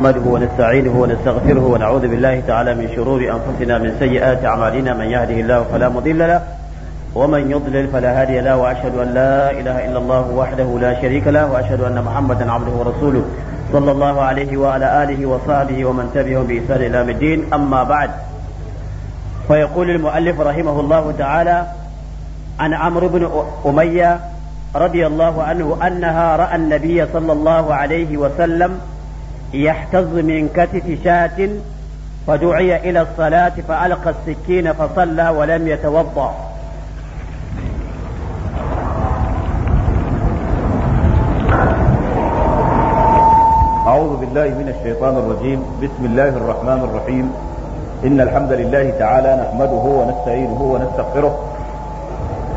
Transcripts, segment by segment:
نحمده ونستعينه ونستغفره ونعوذ بالله تعالى من شرور أنفسنا من سيئات أعمالنا من يهده الله فلا مضل له ومن يضلل فلا هادي له وأشهد أن لا إله إلا الله وحده لا شريك له وأشهد أن محمدا عبده ورسوله صلى الله عليه وعلى آله وصحبه ومن تبعهم بإحسان إلى الدين أما بعد فيقول المؤلف رحمه الله تعالى عن عمرو بن أمية رضي الله عنه أنها رأى النبي صلى الله عليه وسلم يحتز من كتف شاة فدعي إلى الصلاة فألقى السكين فصلى ولم يتوضأ أعوذ بالله من الشيطان الرجيم بسم الله الرحمن الرحيم إن الحمد لله تعالى نحمده ونستعينه ونستغفره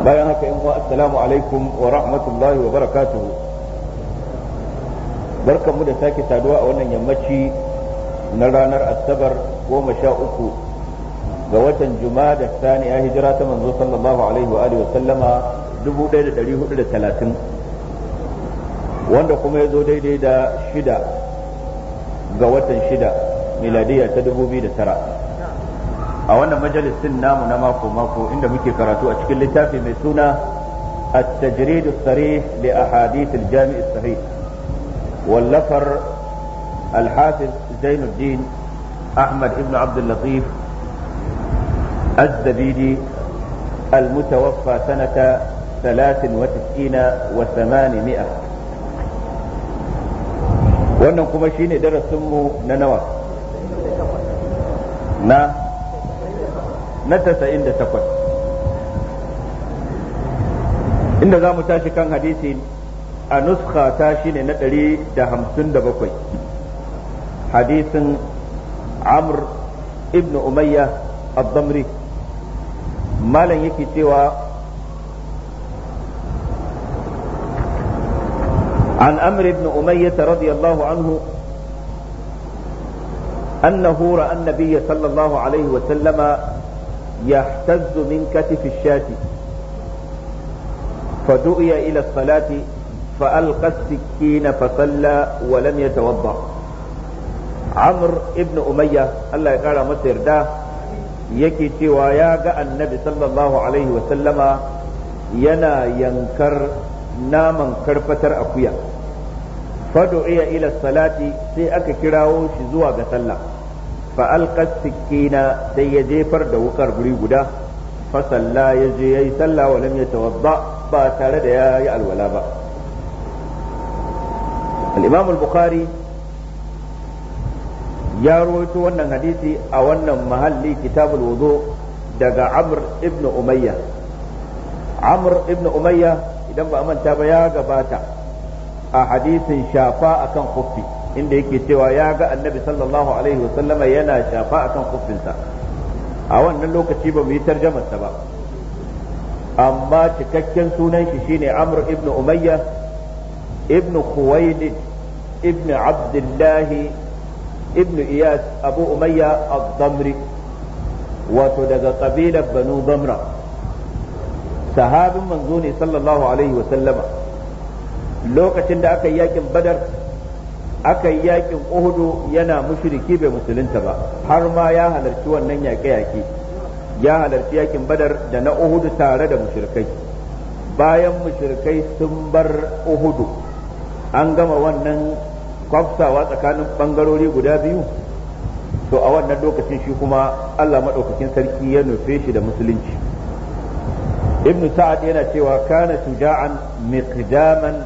bayan haka yan uwa assalamu alaikum wa rahmatullahi wa barakatuhu barkanmu da sake saduwa a wannan yammaci na ranar asabar goma sha uku ga watan juma'a da sani ya hijira ta manzo sallallahu alaihi wa alihi wa sallama 1430 wanda kuma ya zo daidai da shida ga watan shida miladiya ta 2009 a wannan majalisin namu na mako mako inda muke karatu a cikin littafi mai suna التجريد الصريح لأحاديث الجامع الصحيح واللفر الحافظ زين الدين أحمد بن عبد اللطيف الزبيدي المتوفى سنة ثلاث وتسعين وثمانمائة wannan kuma shine darasinmu na nawa na na takwas inda za mu tashi kan hadisi a nuskha ta shine na bakwai hadisin amr ibn umayya al malam yake cewa عن أمر بن أمية رضي الله عنه أنه رأى النبي صلى الله عليه وسلم يهتز من كتف الشاة فدعي إلى الصلاة فألقى السكين فصلى ولم يتوضأ عمرو ابن أمية الله يقال مصير ده yake cewa ya ga annabi sallallahu alaihi wasallama yana yankar naman karfatar akuya fadu'iya ila salati sai aka kirawo shi zuwa ga sallah fa alqas sikina sai ya jefar da wukar guri guda fa ya je yayi sallah wa ba tare da ya yi alwala ba al al-bukhari ya rawaito wannan hadisi a wannan mahalli kitabul wudu daga amr ibn umayya amr ibn umayya idan ba manta ba ya gabata a hadisin shafa akan kofi. inda yake cewa ya ga annabi sallallahu alaihi wasallama yana shafa akan kuffinsa. a wannan lokaci ba mu yi tarjamarsa ba amma cikakken sunan shi shine amr ibn umayya ibn khuwaylid ibn abdullah ibn iyas abu umayya ad-damri wato daga kabilar banu bamra sahabin manzo ne sallallahu alaihi wasallama lokacin da aka yi yakin badar aka yi yakin uhudu yana mushriki bai musulunta ba har ma ya halarci wannan yaƙe-yaƙe ya halarci yakin badar da na uhudu tare da mushrikai bayan mushrikai sun bar uhudu an gama wannan kwafsawa tsakanin ɓangarori guda biyu to a wannan lokacin shi kuma Allah maɗaukakin sarki ya nufe shi da musulunci ibnu sa'ad yana cewa kana shuja'an miqdaman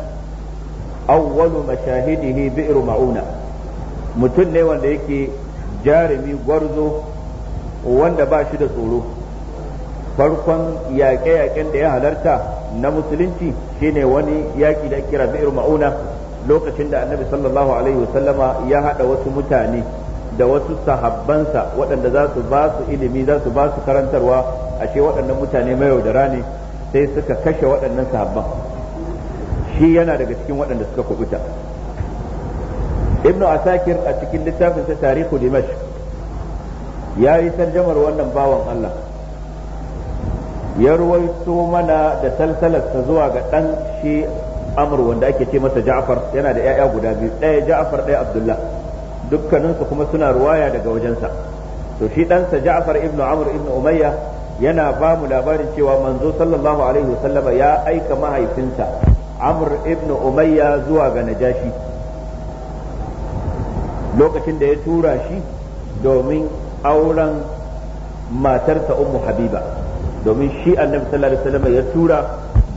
awwalu mashahidihi bi'ru ma'una mutum ne wanda yake jarumi gwarzo wanda ba shi da tsoro farkon yaƙe-yaƙen da ya halarta na musulunci shine wani yaƙi da kira bi'ru ma'una lokacin da annabi sallallahu alaihi wasallama ya haɗa wasu mutane da wasu sahabbansa waɗanda za su ba su ilimi za su ba su karantarwa ashe waɗannan mutane mayaudara ne sai suka kashe waɗannan sahabban shi yana daga cikin waɗanda suka kubuta ibnu asakir a cikin littafin sa tarihu dimash ya yi tarjamar wannan bawan Allah ya ruwaito mana da salsalarsa zuwa ga ɗan shi amur wanda ake ce masa ja'far yana da 'ya'ya guda biyu ɗaya ja'far ɗaya abdullah dukkaninsu kuma suna ruwaya daga wajensa to shi ɗansa ja'far ibnu amr ibnu umayya yana ba mu labarin cewa manzo sallallahu alaihi wasallama ya aika mahaifinsa amr ibn umayya zuwa ga najashi lokacin da ya tura shi domin auren matarsa ummu habiba domin shi annabi sallallahu alaihi wasallam ya tura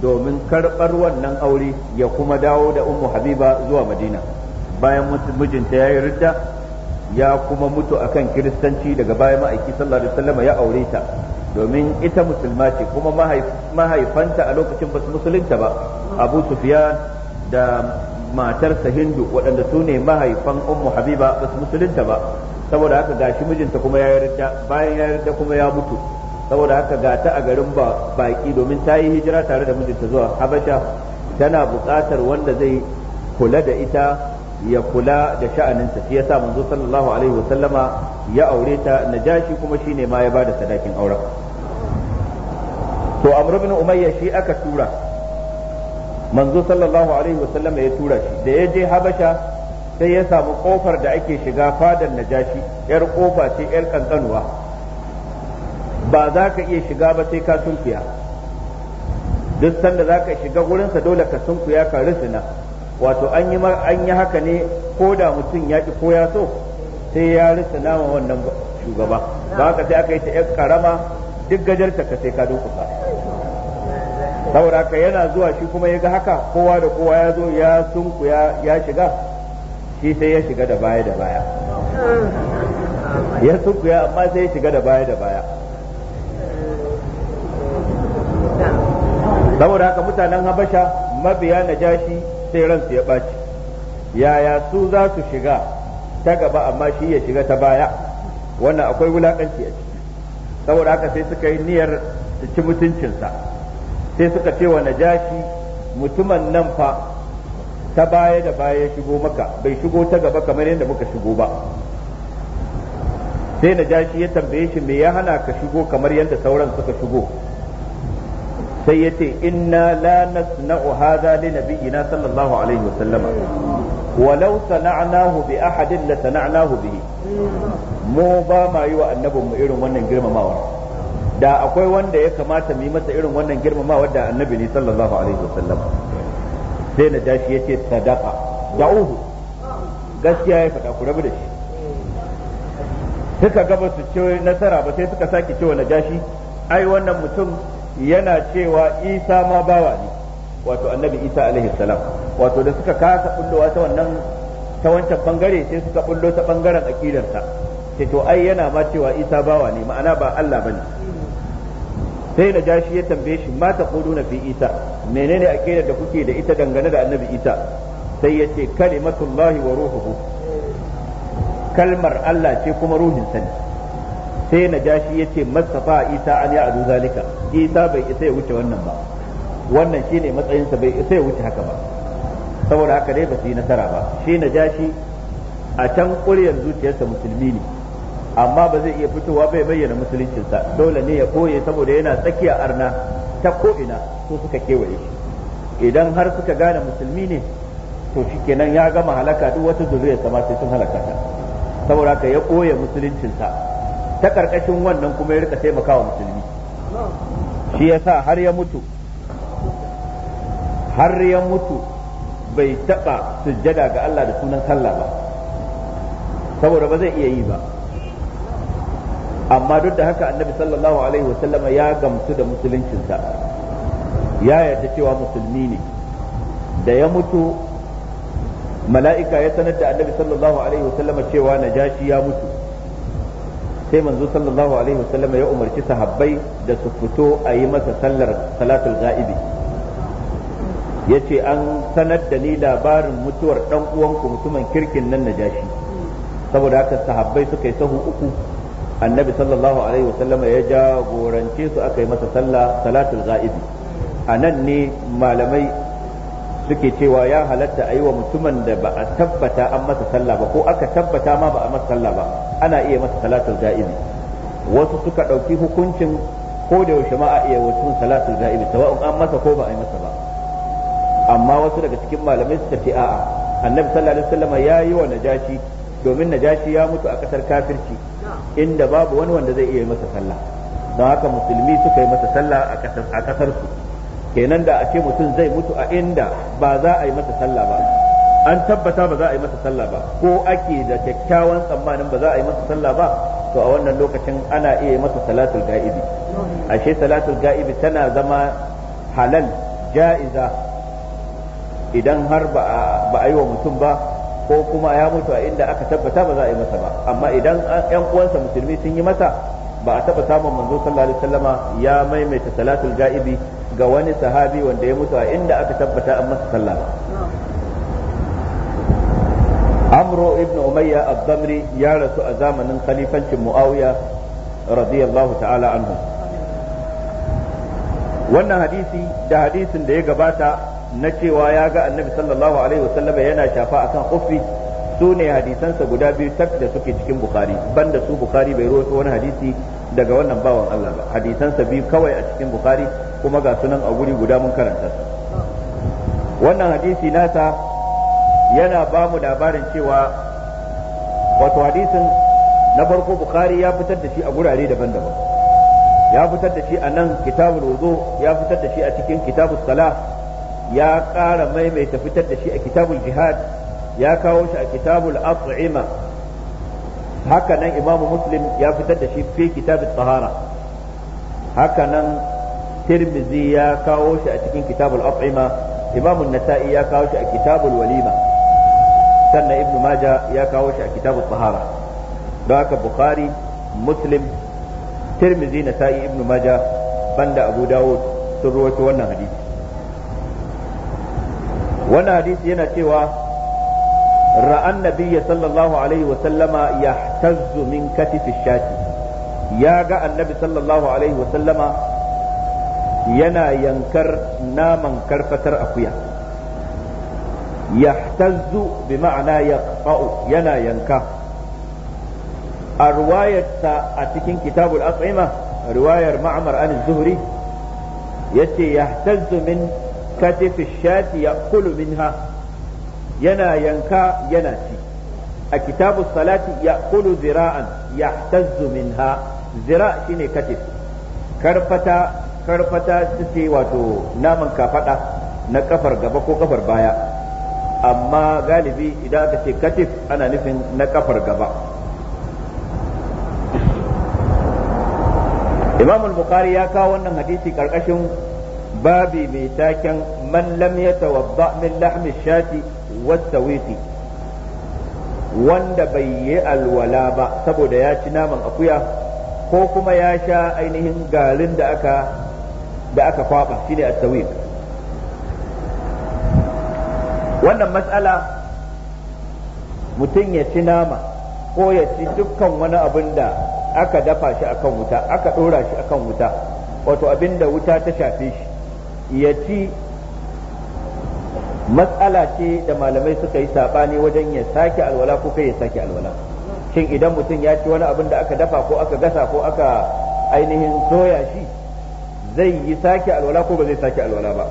domin karɓar wannan aure ya kuma dawo da ummu habiba zuwa madina bayan mijinta ya yi ridda ya kuma mutu akan kiristanci daga bayan ma'aiki sallallahu alaihi wasallam ya aure ta domin ita musulma ce kuma mahaifanta a lokacin basu musulunta ba abu sufiyan da matarsa hindu waɗanda su ne mahaifan ummu habiba basu musulunta ba saboda haka ga shi mijinta kuma ya yarda bayan ya yarda kuma ya mutu saboda haka ga ta a garin ba baki domin ta yi hijira tare da mijinta zuwa habasha tana buƙatar wanda zai kula da ita ya kula da sha'aninsa shi yasa manzo sallallahu alaihi wa sallama ya aure ta najashi kuma shine ma ya bada sadakin auren to amr ibn umayya shi aka tura manzo sallallahu alaihi wa sallama ya tura shi da ya je habasha sai ya samu kofar da ake shiga fadar najashi yar kofa ce yar kankanuwa ba za ka iya shiga ba sai ka sunkuya duk sanda za ka shiga gurinsa dole ka sunkuya ka rusuna wato an yi an yi haka ne ko da mutum ya ki ko ya so sai ya rasa nama wannan shugaba ba haka sai aka yi ta yan karama duk gajar ka sai ka ka. saboda haka yana zuwa shi kuma ya ga haka kowa da kowa ya zo ya sunku ya shiga shi sai ya shiga da baya da baya ya sunku ya amma sai ya shiga da baya da baya saboda haka mutanen habasha mabiya na jashi. sai ransu ya ɓaci yaya su za su shiga ta gaba amma shi ya shiga ta baya wannan akwai wulakanci a ciki saboda haka sai suka yi niyyar su ci mutuncinsa sai suka ce wa najashi mutumin nan fa ta baya da baya shigo maka bai shigo ta gaba kamar yadda muka shigo ba sai najashi ya tambaye shi me ya hana ka shigo kamar yadda sauran suka shigo sai ya yace inna la nasna'u hadha li nabiyyina sallallahu alaihi wa sallama walau sana'nahu bi ahadin la sana'nahu bihi mu ba ma yi wa annabin mu irin wannan girmamawa da akwai wanda ya kamata mu yi masa irin wannan girmamawa da annabi ne sallallahu alaihi wa sallama sai na dashi yace sadaqa da'uhu gaskiya ya faɗa ku rabu da shi suka gaba su ce nasara ba sai suka sake cewa na dashi ai wannan mutum yana cewa isa ma bawa ne wato annabi isa alaihi salam wato da suka kasa bullowa ta wannan ta wancan bangare sai suka bullo ta bangaren akidarsa sai to ai yana ma cewa isa bawa ne ma'ana ba Allah bane sai na jashi ya tambaye shi ma ta na fi isa menene akidar da kuke da ita dangane da annabi isa sai ya ce kalimatullahi wa ruhuhu kalmar Allah ce kuma ruhin ne. sai na najashi yace mastafa isa an ya adu zalika isa bai isa ya wuce wannan ba wannan shine matsayinsa bai isa ya wuce haka ba saboda haka dai ba su yi nasara ba shi najashi a can ƙuryar zuciyarsa musulmi ne amma ba zai iya fitowa bai bayyana musuluncinsa dole ne ya koye saboda yana tsakiya arna ta ko'ina su suka kewaye shi idan har suka gane musulmi ne to shikenan ya gama halaka duk wata zuriyarsa ma sai sun halaka ta saboda haka ya koye musuluncinsa ta karkashin wannan kuma ya rika taimakawa musulmi shi ya sa har ya mutu har ya mutu bai taba sujjada ga Allah da sunan sallah ba saboda ba zai iya yi ba amma duk da haka annabi sallallahu alaihi wasallama ya gamsu da musuluncinsa ya yarda cewa musulmi ne da ya mutu mala'ika ya sanar da annabi sallallahu alaihi wasallama cewa najashi ya mutu sai manzo sallallahu alaihi wasallam ya umarci sahabbai da su fito a yi masa sallar salatul ga'ibi ce an sanar da ni labarin mutuwar dan uwanku mutumin kirkin nan na jashi saboda haka sahabbai suka yi sahu uku annabi sallallahu alaihi wasallam ya jagorance su aka yi masa sallah salatul ga'ibi a nan ne malamai suke cewa ya halatta a yi wa mutumin da ba a tabbata an masa sallah ba ko aka tabbata ma ba a masa sallah ba ana iya masa salatul da'ibi wasu suka ɗauki hukuncin ko da yaushe ma a iya wasu salatul da'ibi sawa'un an masa ko ba a yi masa ba amma wasu daga cikin malamai suka ce a'a annabi sallallahu alaihi wasallam ya yi wa najashi domin najashi ya mutu a kasar kafirci inda babu wani wanda zai iya masa sallah don haka musulmi suka yi masa sallah a kasar su kenan da a mutum zai mutu a inda ba za a yi masa sallah ba an tabbata ba za a yi masa sallah ba ko ake da kyakkyawan tsammanin ba za a yi masa sallah ba to a wannan lokacin ana iya masa salatul ga'ibi ashe salatul ga'ibi tana zama halal ja'iza idan har ba a yi wa mutum ba ko kuma ya mutu a inda aka tabbata ba za a yi masa ba amma idan 'yan uwansa musulmi sun yi masa ba a taba samun manzo sallallahu alaihi wasallama ya maimaita salatul ga'ibi ga wani sahabi wanda ya mutu a inda aka tabbata an masa sallah amro ibn umayya ad-damri ya rasu a zamanin khalifancin muawiya radiyallahu ta'ala anhu wannan hadisi da hadisin da ya gabata na cewa ya ga annabi sallallahu alaihi wasallama yana shafa akan ufi su ne hadisansa guda biyu tak da suke cikin bukari banda su bukari bai rawaito wani hadisi daga wannan bawan Allah ba hadisansa biyu kawai a cikin bukari kuma ga sunan a guri guda mun karanta su wannan hadisi nasa yana ba mu labarin cewa wato hadisin na farko bukari ya fitar da shi a gurare daban-daban ya fitar da shi a nan kitabul wudu ya fitar da shi a cikin kitabus salah ya ƙara maimaita fitar da shi a kitabul jihad ya kawo shi a kitabul at'ima haka nan imamu muslim ya fitar da shi fi kitabut tahara haka nan tirmizi ya kawo shi a cikin kitabul at'ima imamu nasa'i ya kawo shi a kitabul walima sannan ibnu maja ya kawo shi a kitabut tahara don haka bukhari muslim tirmizi nasa'i ibnu maja banda abu dawud sun ruwaito wannan hadisi wannan hadisi yana cewa ra'a annabiyya sallallahu alaihi wa sallama yahtazzu min katifi shati ya ga annabi sallallahu alaihi wa sallama yana yankar naman karfatar akuya yahtazzu bi ma'ana yaqfa'u yana yanka a ruwayarsa a cikin kitabul at'ima riwayar ma'mar an zuhri yace yahtazzu min katifi shati ya'kulu minha yana yanka yana ci a kitabu salati ya kulu zira'an ya tazzu minha zira shine katif karfata karfata ce wato naman kafada na kafar gaba ko kafar baya amma galibi idan aka ce katif ana nufin na kafar gaba imam bukhari ya kawo wannan hadisi karkashin babi mai taken man lam yatawadda min lahmi shati wasawiqi wanda bai yi alwala ba saboda ya ci naman akuya ko kuma ya sha ainihin garin da aka da aka kwaba shine a wannan matsala mutum ya ci nama ko ya ci dukkan wani abin da aka dafa shi akan wuta aka ɗora shi akan wuta wato abin da wuta ta shafe shi ya ci matsala ce da malamai suka yi sabani wajen ya sake alwala ko kai ya sake alwala shin idan mutum ya ci wani abin da aka dafa ko aka gasa ko aka ainihin soya shi zai yi sake alwala ko ba zai sake alwala ba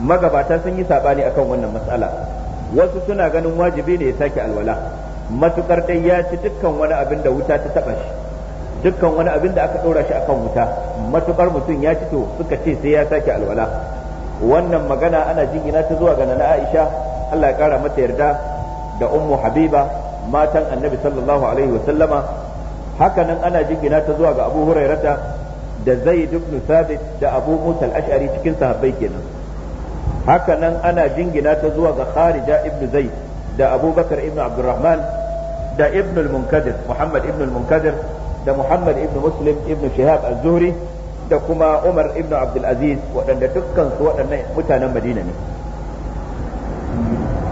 magabata sun yi sabani akan wannan matsala wasu suna ganin wajibi ne ya sake alwala matukar dai ya ci dukkan wani abin da wuta ta taba shi dukkan wani abin da aka ɗora shi akan wuta matukar mutum ya ci to suka ce sai ya sake alwala wannan magana ana jingina ta zuwa ga nana Aisha Allah ya kara mata yarda da ummu Habiba matan Annabi sallallahu alaihi wa sallama hakanan ana jingina ta zuwa ga Abu Hurairata da Zaid ibn Thabit da Abu Musa al-Ash'ari cikin sahabbai kenan hakanan ana jingina ta zuwa ga Kharija ibn Zaid da Abu Bakar ibn Abdurrahman da ibn al-Munkadir Muhammad ibn al-Munkadir da Muhammad ibn Muslim ibn Shihab al zuhri da kuma Umar ibn Abdul Aziz waɗanda dukkan su waɗannan mutanen Madina ne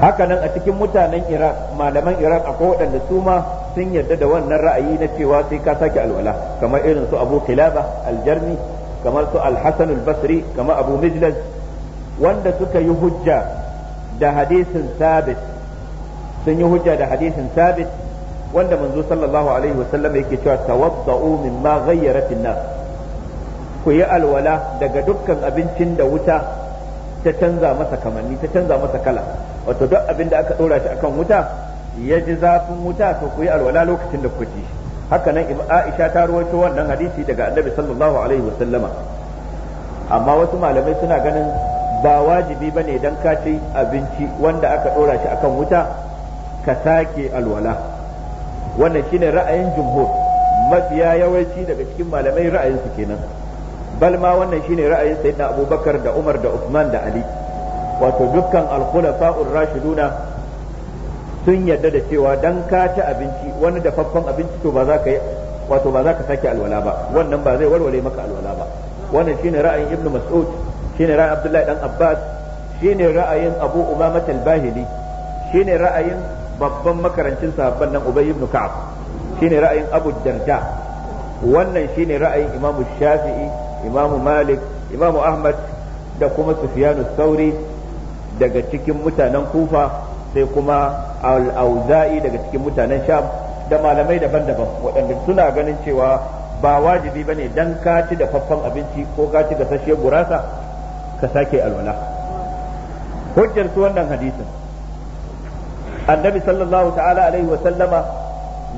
hakanan a cikin mutanen Iraq malaman Iraq akwai waɗanda su ma sun yarda da wannan ra'ayi na cewa sai ka sake alwala kamar irin su Abu kilaba al kamar su Al-Hasan Al-Basri kamar Abu Mijlas wanda suka yi hujja da hadisin sabit sun yi hujja da hadisin sabit wanda manzo sallallahu alaihi wasallam yake cewa tawadda'u mimma ghayyarat an-nas ku yi alwala daga dukkan abincin da wuta ta canza masa kamanni ta canza masa kala wato duk abin da aka dora shi akan wuta ya ji zafin wuta to ku yi alwala lokacin da ku ci haka nan Aisha ta rawaito wannan hadisi daga Annabi sallallahu alaihi wasallama amma wasu malamai suna ganin ba wajibi bane dan ka ci abinci wanda aka dora shi akan wuta ka sake alwala wannan shine ra'ayin jumhur mafiya yawanci daga cikin malamai ra'ayin su kenan bal ma wannan shine ra'ayin sayyidina abubakar da umar da usman da ali wato dukkan al-khulafa'ur rashiduna sun yarda da cewa dan ka ta abinci wani dafaffen abinci to ba za ka wato ba za ka sake alwala ba wannan ba zai warware maka alwala ba wannan shine ra'ayin ibnu mas'ud shine ra'ayin abdullahi dan abbas shine ra'ayin abu umama al-bahili shine ra'ayin babban makarancin sahabban nan ubay ibn ka'ab shine ra'ayin abu darda wannan shine ra'ayin imamu shafi'i imamu malik imamu ahmad da kuma sufyanu sauri daga cikin mutanen kufa sai kuma al-auza'i daga cikin mutanen sham da malamai daban-daban waɗanda suna ganin cewa ba wajibi bane dan ka ci da faffan abinci ko ka ci gasasshiyar gurasa ka sake alwala hujjar su wannan hadisin annabi sallallahu ta'ala alaihi wa sallama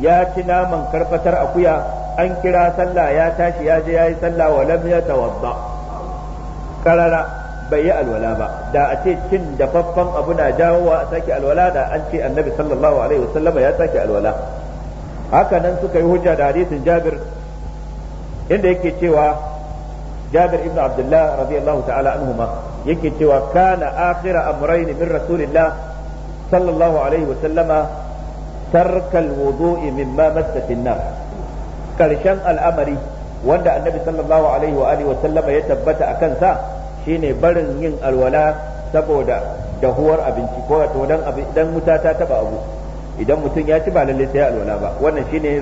ya ci naman karfatar akuya an kira sallah ya tashi ya je yayi sallah wa lam yatawadda karara bai yi alwala ba da a ce cin dafaffen abu na jawowa a sake alwala da an ce annabi sallallahu alaihi wasallam ya sake alwala haka nan suka yi hujja da hadisin jabir inda yake cewa jabir ibn abdullah radiyallahu ta'ala anhuma yake cewa kana akhira amrayn min rasulillah sallallahu alaihi wasallama tarkal wudu'i mimma massat an-nar karshen al'amari wanda annabi sallallahu alaihi wa alihi wa sallama ya tabbata a kansa shine barin yin alwala saboda dahuwar abinci ko wato dan dan wuta ta taba abu idan mutum ya ci ba lalle sai alwala ba wannan shine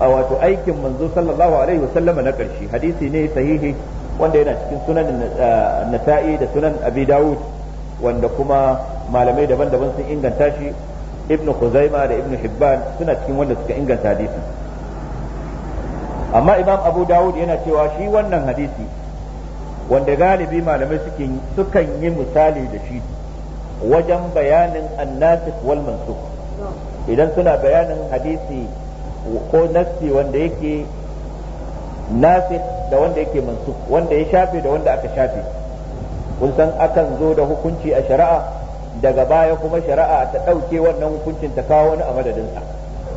a wato aikin manzo sallallahu alaihi wa sallama na karshe hadisi ne sahihi wanda yana cikin sunan eh, nasa'i da sunan abi dawud wanda kuma malamai daban-daban sun inganta shi ibnu khuzaima da ibnu hibban suna cikin wanda suka inganta hadisin amma imam abu dawud yana cewa shi wannan hadisi wanda galibi malamai sukan yi misali da shi wajen bayanin annasik wal mansuk idan suna bayanin hadisi ko nassi wanda yake nasikh da wanda yake mansuk wanda ya shafe da wanda aka shafe kun san akan zo da hukunci a shari'a daga baya kuma shari'a ta ɗauke wannan hukuncin ta kawo wani a madadinsa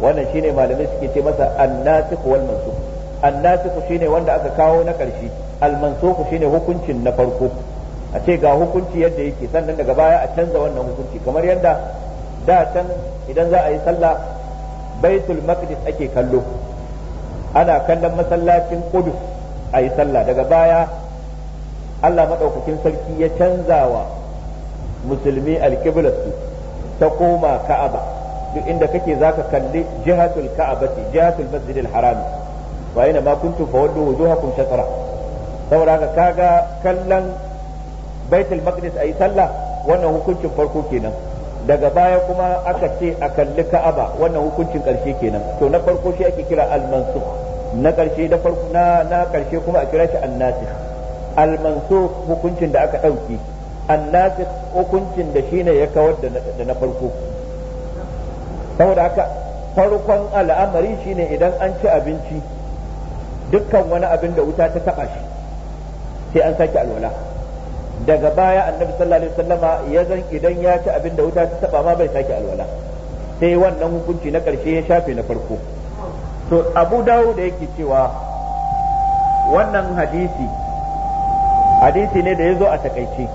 wannan shine malamai suke ce masa annasik wal mansuk annasikhu shine wanda aka kawo na ƙarshe almansukhu shine hukuncin na farko a ce ga hukunci yadda yake sannan daga baya a canza wannan hukunci kamar yadda da can idan za a yi sallah baitul maqdis ake kallo ana kallon masallacin qudus a yi sallah daga baya Allah madaukakin sarki ya canza wa musulmi alqiblatu ta koma ka'aba duk inda kake zaka kalli jihatul ka'abati jihatul masjidil haram. fa ma kuntu fa wujuhakum shatara saboda haka kaga kallon baitul maqdis ayi sallah wannan hukuncin farko kenan daga baya kuma aka ce a kalli ka'aba wannan hukuncin karshe kenan to na farko shi ake kira al-mansukh na karshe da farko na na karshe kuma a kira shi an-nasikh al-mansukh hukuncin da aka dauke an-nasikh hukuncin da shine ya kawar da na farko saboda haka farkon al'amari shine idan an ci abinci dukkan wani abin da wuta ta taba shi sai an sake alwala daga baya annabi sallallahu alaihi wasallama ya zan idan ya ci abin da wuta ta taba ma bai sake alwala sai wannan hukunci na karshe ya shafe na farko to abu dawo da yake cewa wannan hadisi hadisi ne da ya zo a takaice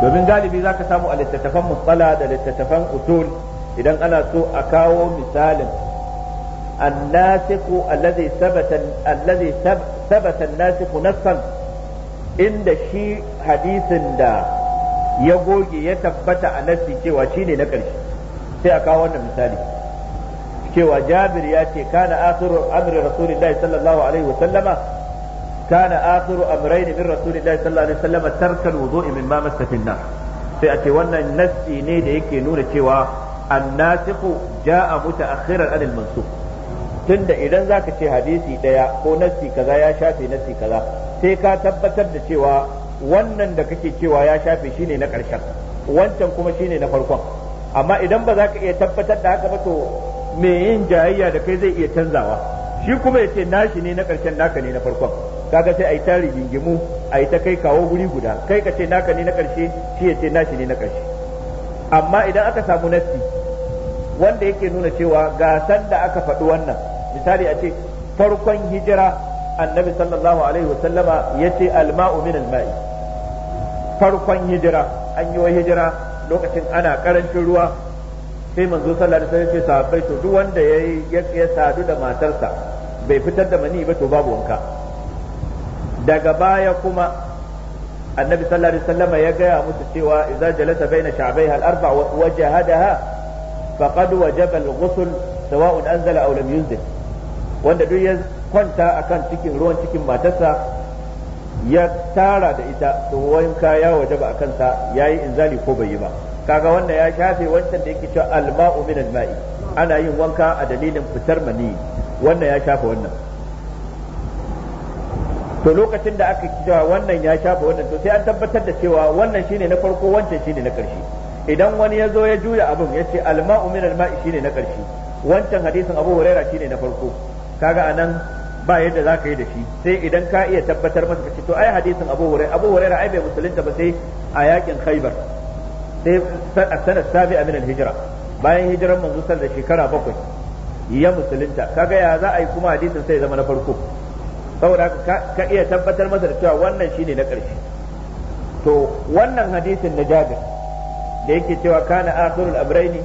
domin galibi za ka samu a littattafan da littattafan usul idan ana so a kawo misalin الناسخ الذي ثبت الذي ثبت الناسخ نصا inda shi hadisin da ya goge ya tabbata a nassi cewa shi ne na ƙarshe sai a kawo wannan misali cewa jabir ya ce kana akhiru amri rasulillahi sallallahu alaihi wa sallama kana akhiru amrayn min rasulillahi sallallahu alaihi wa sallama tarkal wudu'i min ma masatin nar sai a ce wannan nassi ne da yake nuna cewa annasikhu ja'a mutaakhiran anil mansukh tunda idan zaka ce hadisi ɗaya ko nassi kaza ya shafe nassi kaza sai ka tabbatar da cewa wannan da kake cewa ya shafe shine na ƙarshen wancan kuma shine na farkon amma idan ba za ka iya tabbatar da haka ba to me yin jayayya da kai zai iya canzawa shi kuma ya ce nashi ne na ƙarshen naka ne na farkon kaga sai a yi tari gingimu a yi ta kai kawo guri guda kai ka ce naka ne na ƙarshe shi ya ce nashi ne na ƙarshe amma idan aka samu nassi wanda yake nuna cewa ga sanda aka faɗi wannan misali a ce farkon hijira annabi sallallahu alaihi wasallama ya ce alma'u min alma'i farkon hijira an yi wa hijira lokacin ana karancin ruwa sai manzo sallallahu alaihi wasallam ya ce sahabbai to duk wanda ya ya sadu da matarsa bai fitar da mani ba to babu wanka daga baya kuma annabi sallallahu alaihi wasallam ya gaya musu cewa idza jalasa baina sha'bayha al-arba wa wajahadaha faqad wajaba al-ghusl sawa'un anzala aw lam yunzil wanda duk ya kwanta akan cikin ruwan cikin matarsa ya tara da ita to wanka ya wajaba ya yi yayi inzali ko bai yi ba kaga wannan ya shafe wancan da yake cewa alma'u min alma'i ana yin wanka a dalilin fitar mani wannan ya shafe wannan to lokacin da aka cewa wannan ya shafe wannan to sai an tabbatar da cewa wannan shine na farko wancan shine na karshe idan wani ya zo ya juya abin ya ce alma'u min alma'i shine na karshe wancan hadisin abu huraira shine na farko kaga anan ba yadda za ka yi da shi sai idan ka iya tabbatar masa ka ce to ai hadisin abu huraira abu huraira ai bai musulunta ba sai a yakin khaybar sai a sanar sabi a minan hijira bayan hijiran manzo sal da shekara bakwai ya musulunta kaga ya za a yi kuma hadisin sai zama na farko saboda ka iya tabbatar masa da cewa wannan shine na ƙarshe to wannan hadisin na jabir da yake cewa kana akhirul abraini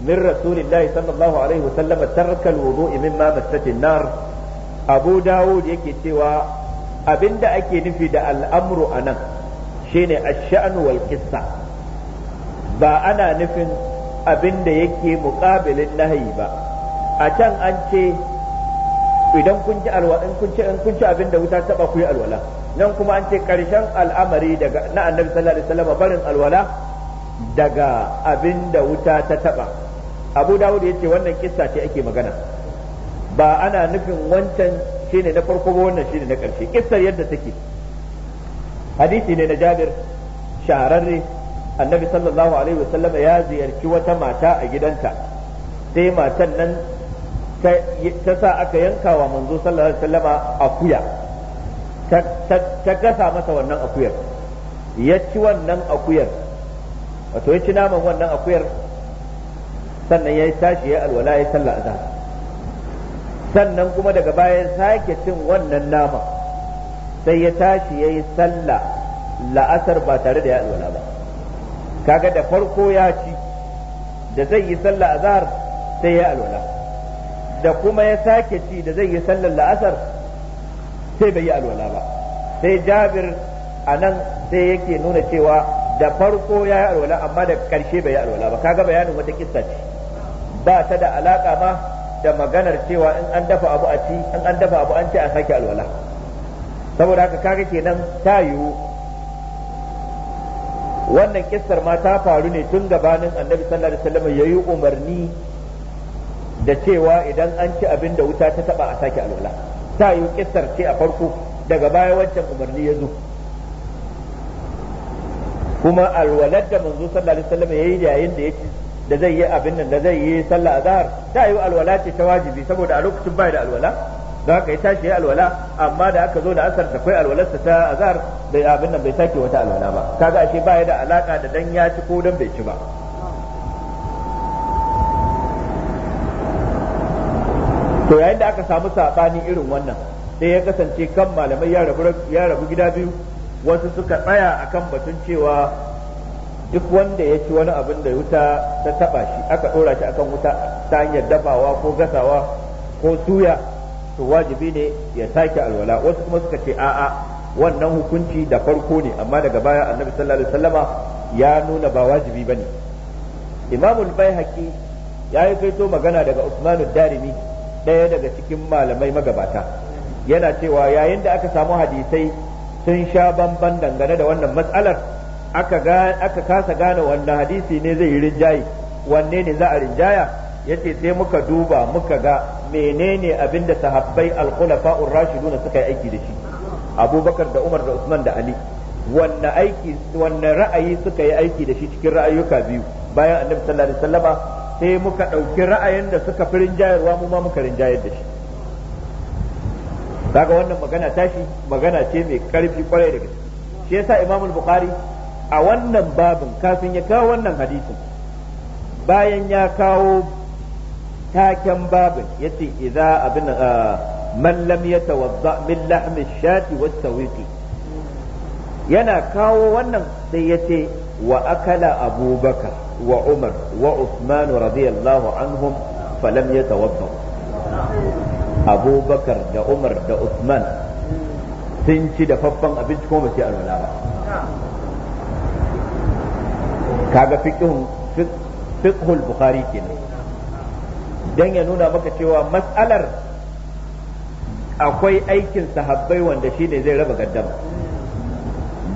min rasulillahi sallallahu alaihi wasallam tarkal wudu'i mimma massatin nar abu dawud yake cewa abinda ake nufi da al'amru anan shine ash-sha'nu wal qissa ba ana nufin abinda yake muqabilin nahyi ba a can an ce idan kun ji alwa kun ci in kun ci abinda wuta taba ku yi alwala nan kuma an ce karshen al'amari daga na annabi sallallahu alaihi wasallam barin alwala daga abinda wuta ta taba abu dawud ya ce wannan kissa ce ake magana ba ana nufin wancan shine na farko ba wannan shine na ƙarshe kissar yadda take hadisi ne na jabir shahararre annabi sallallahu alaihi wasallam ya ziyarci wata mata a gidanta sai matan nan ta sa aka yanka wa manzo sallallahu alaihi wasallam akuya ta gasa masa wannan akuyar ya ci wannan akuyar wato ya ci naman wannan akuyar sannan ya tashi ya alwala ya sallah azhar sannan kuma daga bayan sake cin wannan nama sai ya tashi ya yi sallah la'asar ba tare da ya alwala ba kaga da farko ya ci da zai yi sallah azhar sai ya alwala da kuma ya sake ci da zai yi sallar la'asar sai bai yi alwala ba sai jabir a nan sai yake nuna cewa da farko ya yi alwala amma da ƙarshe bai yi alwala ba kaga bayanin wata kissa ce ba ta da alaka ma da maganar cewa in an dafa abu a ci in an dafa abu an ci a sake alwala saboda haka kaga kenan ta yiwu wannan kissar ma ta faru ne tun gabanin annabi sallallahu alaihi wasallam yayi umarni da cewa idan an ci abin da wuta ta taba a sake alwala ta yiwu kissar ce a farko daga baya wancan umarni ya zo kuma alwalar da manzo sallallahu alaihi wasallam yayi yayin da ya ci da zai yi abin nan da zai yi sallah azhar ta yi alwala ce ta wajibi saboda a lokacin bai da alwala da haka ya tashi ya alwala amma da aka zo da asar da kai alwalarsa ta azhar bai abin nan bai sake wata alwala ba kaga ashe bai da alaka da dan ya ci ko dan bai ci ba to yayin da aka samu sabani irin wannan sai ya kasance kan malamai ya rabu gida biyu wasu suka tsaya akan batun cewa duk wanda ya ci wani abin da wuta ta taba shi aka dora shi akan wuta ta hanyar dafawa ko gasawa ko suya to wajibi ne ya sake alwala wasu kuma suka ce a'a wannan hukunci da farko ne amma daga baya annabi sallallahu alaihi wasallama ya nuna ba wajibi bane imamul baihaqi ya yi kaito magana daga usmanu darimi ɗaya daga cikin malamai magabata yana cewa yayin da aka samu hadisai sun sha bamban dangane da wannan matsalar aka kasa gane wanda hadisi ne zai yi rinjaye wanne ne za a rinjaya yace sai muka duba muka ga menene abinda da sahabbai al ar rashiduna suka yi aiki da shi abubakar da umar da usman da ali wanne aiki wanne ra'ayi suka yi aiki da shi cikin ra'ayuka biyu bayan annabi sallallahu alaihi wasallama sai muka ɗauki ra'ayin da suka fi rinjayarwa mu ma muka rinjayar da shi kaga wannan magana tashi magana ce mai karfi kwarai da gaske shi yasa imamul bukhari a wannan babin kafin ya kawo wannan hadisin bayan ya kawo taken babin yace iza abin ah, man lam yatawadda min lahmi shati was sawiqi yana kawo wannan sai yace wa akala abubakar wa umar wa usman radiyallahu anhum falam yatawadda abubakar da umar da usman sun ci da faffan abinci ko ba su alwala ba kaga fiqhun fiqhul bukhari kenan dan ya nuna maka cewa mas'alar akwai aikin sahabbai wanda shi ne zai raba gaddama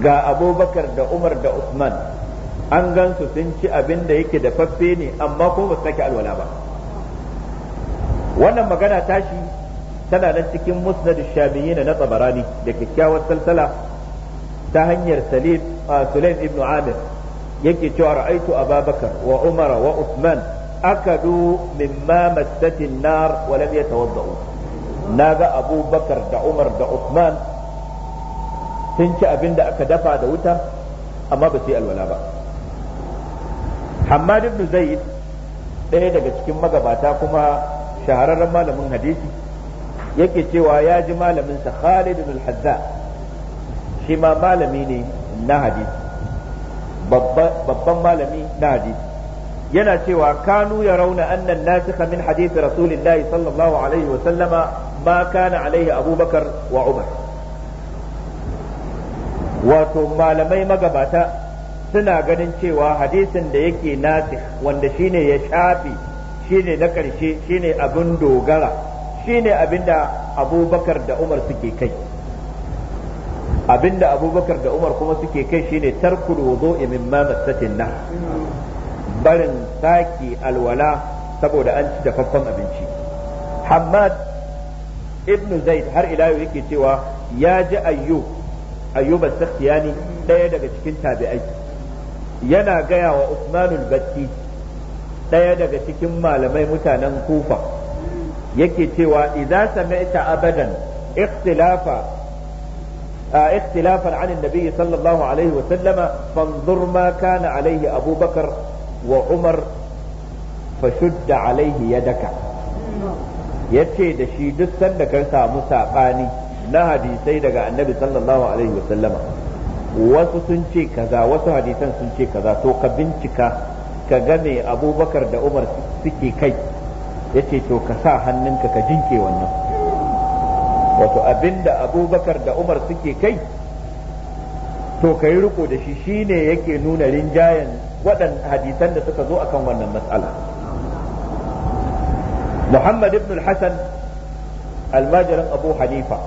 ga abubakar da umar da usman an gansu sun ci abin da yake da faffe ne amma ko ba su sake alwala ba wannan magana tashi tana nan cikin musnad shamiyyin na tsabarani da kyakkyawar salsala ta hanyar salim ah, sulaim ibn amir yake cewa ra'aitu ababakar wa umar wa usman akadu mimma massati nar wa lam yatawaddau naga abubakar da umar da usman sun ci abinda aka dafa da wuta amma ba su yi alwala ba hammad ibn zaid ɗaya daga cikin magabata kuma shahararren malamin hadisi yake cewa ya ji malaminsa khalid bin hazza shi ma malami ne na hadisi babban malami na hadisi yana cewa kanu ya rauna annan nasikha min hadisi rasulillahi sallallahu alaihi wa sallama ma kana alaihi abubakar wa umar wato malamai magabata suna ganin cewa hadisin da yake nasi wanda shine ya shafi shine na karshe shine abin dogara shine abinda abubakar da umar suke kai abinda abubakar da umar kuma suke kai shine tarkul wudu'i mimma massatin nar barin saki alwala saboda an ci dafaffen abinci hammad ibn zaid har ila yau yake cewa ya ji ayyub ayyub as-sakhtiyani daya daga cikin tabi'ai yana gaya wa usmanul batti daya daga cikin malamai mutanen kufa yake cewa idza sami'ta abadan ikhtilafa اختلافا عن النبي صلى الله عليه وسلم فانظر ما كان عليه أبو بكر وعمر فشد عليه يدك yace da shi duk sanda ka samu saɓani na hadisai daga annabi sallallahu alaihi wasallama wasu sun ce kaza wasu hadisan sun ce kaza to ka bincika ka ga abubakar da umar suke kai yace to ka sa hannunka ka jinke wannan wato abinda abubakar da umar suke kai to ka yi riko da shi shine yake nuna rinjayen waɗan hadisan da suka zo akan wannan matsala muhammad ibn al-hasan almajirin abu hanifa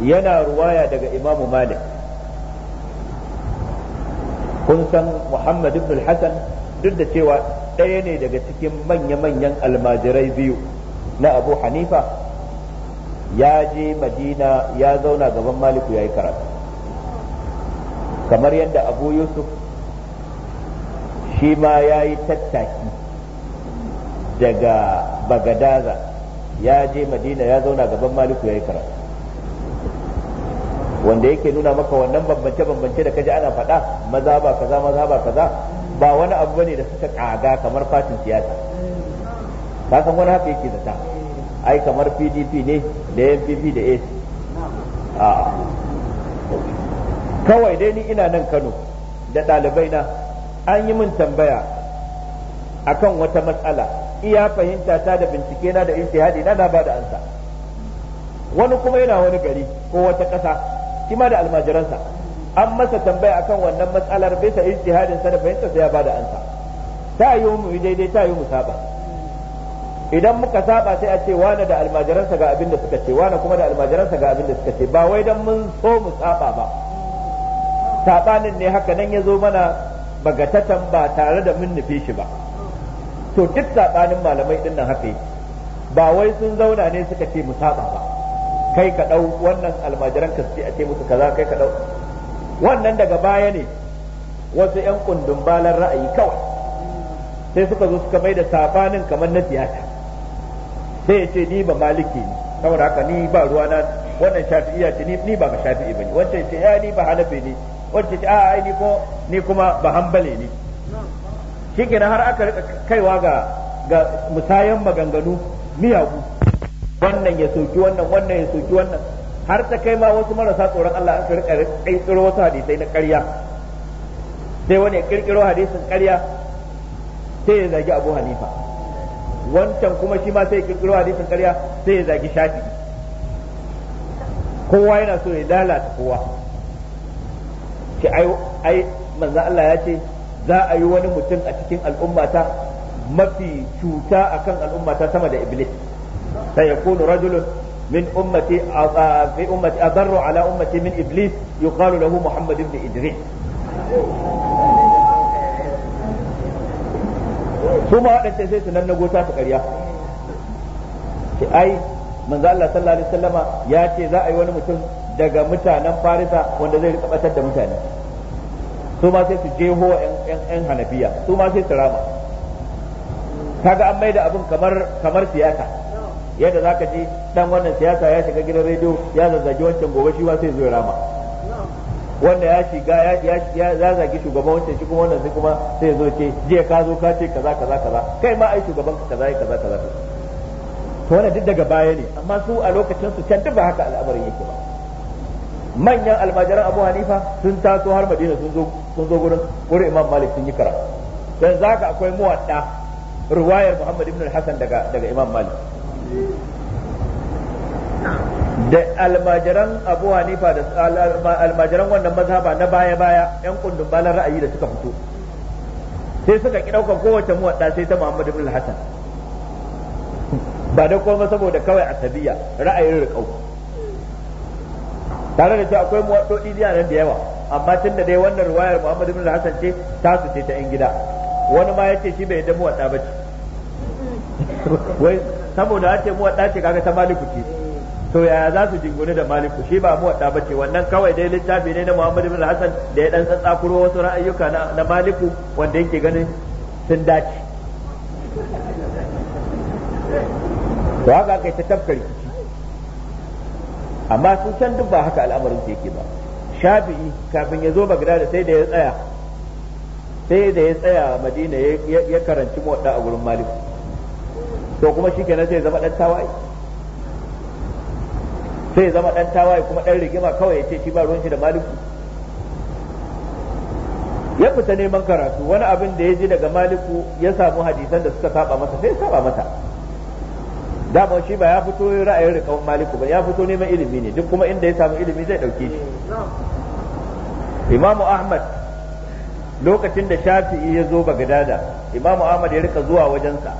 yana ruwaya daga imamu malik kun san muhammad ibn al-hasan duk da cewa ɗaya ne daga cikin manya-manyan almajirai biyu na abu hanifa ya je madina ya zauna gaban maliku ya yi karatu kamar yadda abu yusuf shi ma ya yi tattaki daga bagadaza ya je madina ya zauna gaban maliku ya yi karatu wanda yake nuna maka wannan bambance-bambance da kaji ana faɗa maza ba kaza maza ba kaza ba wani abu ne da suka kaga kamar fatin siyasa kasan wani haka yake zata ai kamar pdp ne da npp da ac a kawai dai ni ina nan kano da ɗalibai na an yi min tambaya akan wata matsala iya fahimta ta da bincike na da ijtihadi na na bada ansa wani kuma yana wani gari ko wata ƙasa kima ma da almajiransa an masa tambaya akan wannan matsalar bisa ijtihadin sa da fahimta sai ya bada ansa ta yi mu daidai ta yi mu saba idan muka saba sai a ce wane da almajiransa ga abin da suka ce wane kuma da almajiransa ga abin da suka ce ba wai dan mun so mu saba ba sabanin ne haka nan ya zo mana bagatatan ba tare da mun nufi shi ba to duk sabanin malamai din nan haka ba wai sun zauna ne suka ce mu saba ba kai ka dau wannan almajiranka su ce a ce musu kaza kai ka dau wannan daga baya ne wasu yan kundumbalan ra'ayi kawai sai suka zo suka mai da sabanin kamar na tiyata. sai ya ce ni ba maliki ne saboda haka ni ba ruwa na wannan shafi'iya ce ni ba ba shafi'i bane wancan ce ya eh, ni ba hanafi ne wancan ce a ah, ni ko ni kuma ba hanbali ne shikenan har aka rika kaiwa ga ga musayan maganganu miyagu wannan ya soki wannan wannan ya soki wannan har ta kai ma wasu marasa tsoron Allah aka rika kirkiro wasu hadisai na ƙarya sai wani ya kirkiro hadisin ƙarya sai ya zagi Abu Hanifa wancan kuma shi ma sai ya kirkiro hadisin ƙarya sai ya zagi shafi kowa yana so ya lalata kowa ce ai ai manzo Allah ya ce za a yi wani mutum a cikin al'ummata mafi cuta akan al'ummata sama da iblis sai ya kunu rajulun min ummati fi ummati adarru ala ummati min iblis yuqalu lahu muhammad ibn idris su ma waɗancan sai su nan na gota ta ƙarya ke ai manzo Allah sallallahu alaihi wasallama ya ce za a yi wani mutum daga mutanen Farisa wanda zai tabbatar batar da mutane su ma sai su jeho yan Hanafiya su ma sai su rama kaga an maida abin kamar kamar siyasa yadda zaka ji dan wannan siyasa ya shiga gidan rediyo ya zazzage wancan gobe shi ma sai zo rama wanda ya shiga ya ya zagi shugaban wancan shi kuma wannan sai kuma sai ya zo ce jiya ka zo ka ce kaza kaza kaza kai ma ai shugaban ka kaza kaza kaza to wannan duk daga baya ne amma su a lokacin su can duk ba haka al'amarin yake ba manyan almajiran Abu Hanifa sun taso har Madina sun zo sun zo gurin gurin Imam Malik sun yi karatu dan zaka akwai muwadda riwayar Muhammad ibn al-Hasan daga daga Imam Malik da almajiran abu hanifa da almajiran wannan mazhaba na baya baya yan kundin balan ra'ayi da suka fito sai suka ki dauka kowace muwadda sai ta Muhammad ibn al-Hasan ba da kuma saboda kawai asabiya ra'ayin riƙau tare da cewa akwai muwaddodi nan da yawa amma tun da dai wannan riwayar Muhammad ibn al-Hasan ce su ce ta yan gida wani ma yace shi bai yadda muwadda ba ce wai saboda ya ce muwadda ce kaga ta maliku ce to yaya za su jingune da maliku shi ba mu ba bace wannan kawai dai littafi ne na muhammad ibn hasan da ya dan kuro wasu ra'ayyuka na maliku wanda yake ganin sun dace to haka kai ta tafkar amma sun san duk ba haka al'amarin su yake ba shafi'i kafin ya zo bagdad sai da ya tsaya sai da ya tsaya madina ya karanci muwadda a gurin maliku to kuma kenan zai zama dan tawaye sai zama dan tawaye kuma dan rigima kawai ya ce shi ba ruwan shi da maliku ya fita neman karatu wani abin da ya ji daga maliku ya samu hadisan da suka saba masa sai ya saba mata dama shi ba ya fito ra'ayin rikawan maliku ba ya fito neman ilimi ne duk kuma inda ya samu ilimi zai dauke shi imamu ahmad lokacin da shafi'i ya zo bagadada imamu ahmad ya rika zuwa wajensa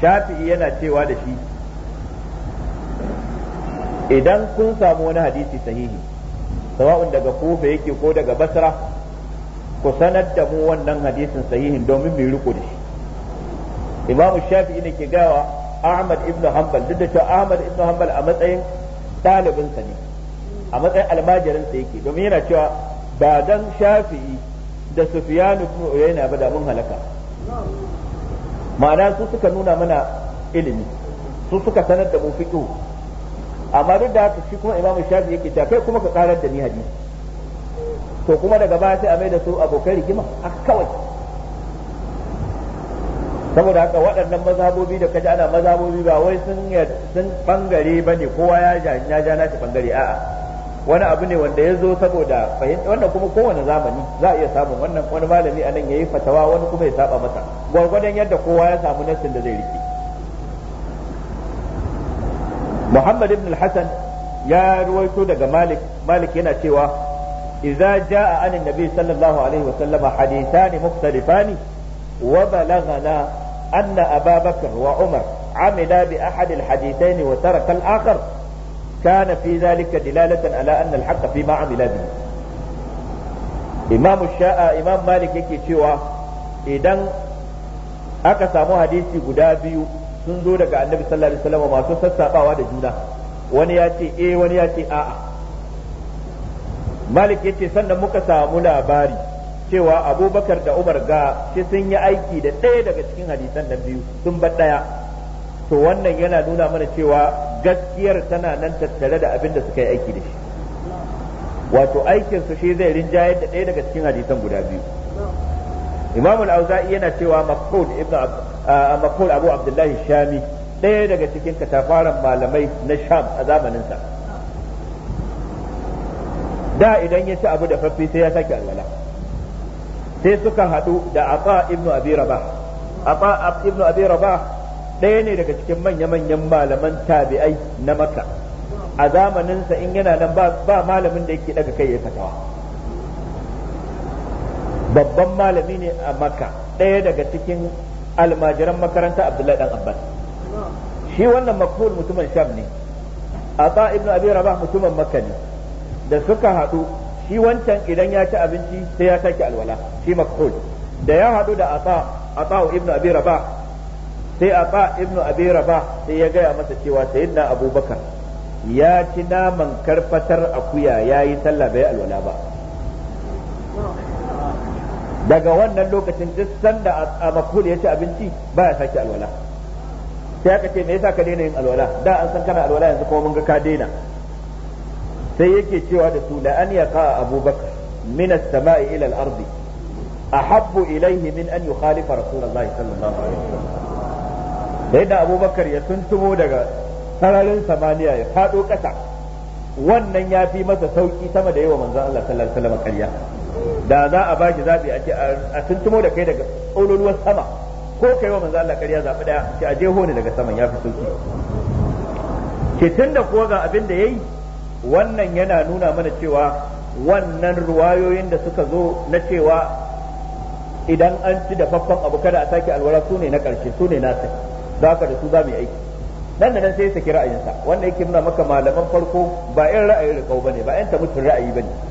shafi'i yana cewa da shi idan kun samu wani hadisi sahihi sawa'un daga kufa yake ko daga basra ku sanar da mu wannan hadisin sahihin domin mu riko da shi imamu shafi'i ne ke gawa ahmad ibnu hanbal duk da cewa ahmad ibnu hanbal a matsayin ɗalibinsa ne a matsayin almajirinsa yake domin yana cewa ba dan shafi'i da sufiyanu ibn uyayna ba da mun halaka ma'ana su suka nuna mana ilimi su suka sanar da mu fiqh amma duk da haka shi kuma imamu shafi yake ta kai kuma ka karar da ni hadisi to kuma daga baya sai a mai da su abokan rigima a kawai saboda haka waɗannan mazhabobi da kaji ana mazhabobi ba wai sun sun bangare bane kowa ya ja ya ja nashi bangare a'a wani abu ne wanda ya zo saboda fahimta wannan kuma kowane zamani za a iya samun wannan wani malami a nan ya yi fatawa wani kuma ya saba masa gwargwadon yadda kowa ya samu nassin da zai rike muhammad ibn al ya ruwaito daga malik malik yana cewa idza jaa an annabi sallallahu alaihi wa sallama hadithani mukhtalifani wa balaghana anna ababakar wa umar عملا بأحد الحديثين وترك الآخر كان في ذلك دلالة على أن الحق فيما عمل به إمام الشاء إمام مالك يكي شوى إذن أكسى حديثي قدابي sun zo daga annabi sallallahu alaihi wasallam masu sassabawa da juna wani ya ce eh wani ya ce a'a malik yace sannan muka samu labari cewa abubakar da umar ga shi sun yi aiki da ɗaya daga cikin hadisan nan biyu sun bar ɗaya to wannan yana nuna mana cewa gaskiyar tana nan tattare da abin da suka yi aiki da shi wato aikin su shi zai rinjayar da ɗaya daga cikin hadisan guda biyu imamul auzai yana cewa maqsud ibn maqul abu abdullahi shami ɗaya daga cikin katafaran malamai na sham a zamaninsa da idan ya ci abu da faffi sai ya sake alwala sai suka haɗu da aqa ibnu abi rabah aqa ibnu abi rabah ɗaya ne daga cikin manya-manyan malaman tabi'ai na makka a zamaninsa in yana nan ba malamin da yake daga kai ya fatawa babban malami ne a makka ɗaya daga cikin almajiran makaranta abdullahi dan abbas shi wannan makful mutumin sham ne ata ibnu abi rabah mutumin makka ne da suka haɗu shi wancan idan ya ci abinci sai ya sake alwala shi makful da ya haɗu da ata ata ibnu abi rabah sai ata ibnu abi rabah sai ya gaya masa cewa sayyidina abubakar ya ci naman karfatar akuya yayi sallah bai alwala ba daga wannan lokacin duk sanda a makul ya ci abinci ba ya sake alwala sai aka ce me yasa ka daina yin alwala da an san kana alwala yanzu kuma mun ga ka daina sai yake cewa da su la an yaqa abubakar min as-sama'i ila al-ard ahabbu ilayhi min an yukhalifa rasulullahi sallallahu alaihi wasallam sai da abubakar ya tuntumo daga sararin samaniya ya fado kasa wannan ya fi masa sauki sama da yawa manzon Allah sallallahu alaihi wasallam da za a ba shi zabi a ce tuntumo da kai daga tsololuwar sama ko kai wa manzo Allah ƙarya zaɓi daya ce a jeho ne daga saman ya fi sauki ke tunda kuwa ga abin da yi wannan yana nuna mana cewa wannan ruwayoyin da suka zo na cewa idan an ci da faffan abu kada a sake alwara su ne na ƙarshe su ne nasa za ka da su za mu yi aiki nan da nan sai ya saki ra'ayinsa wanda yake nuna maka malaman farko ba 'yan ra'ayin riƙau ba ne ba 'yan tamutun ra'ayi ba ne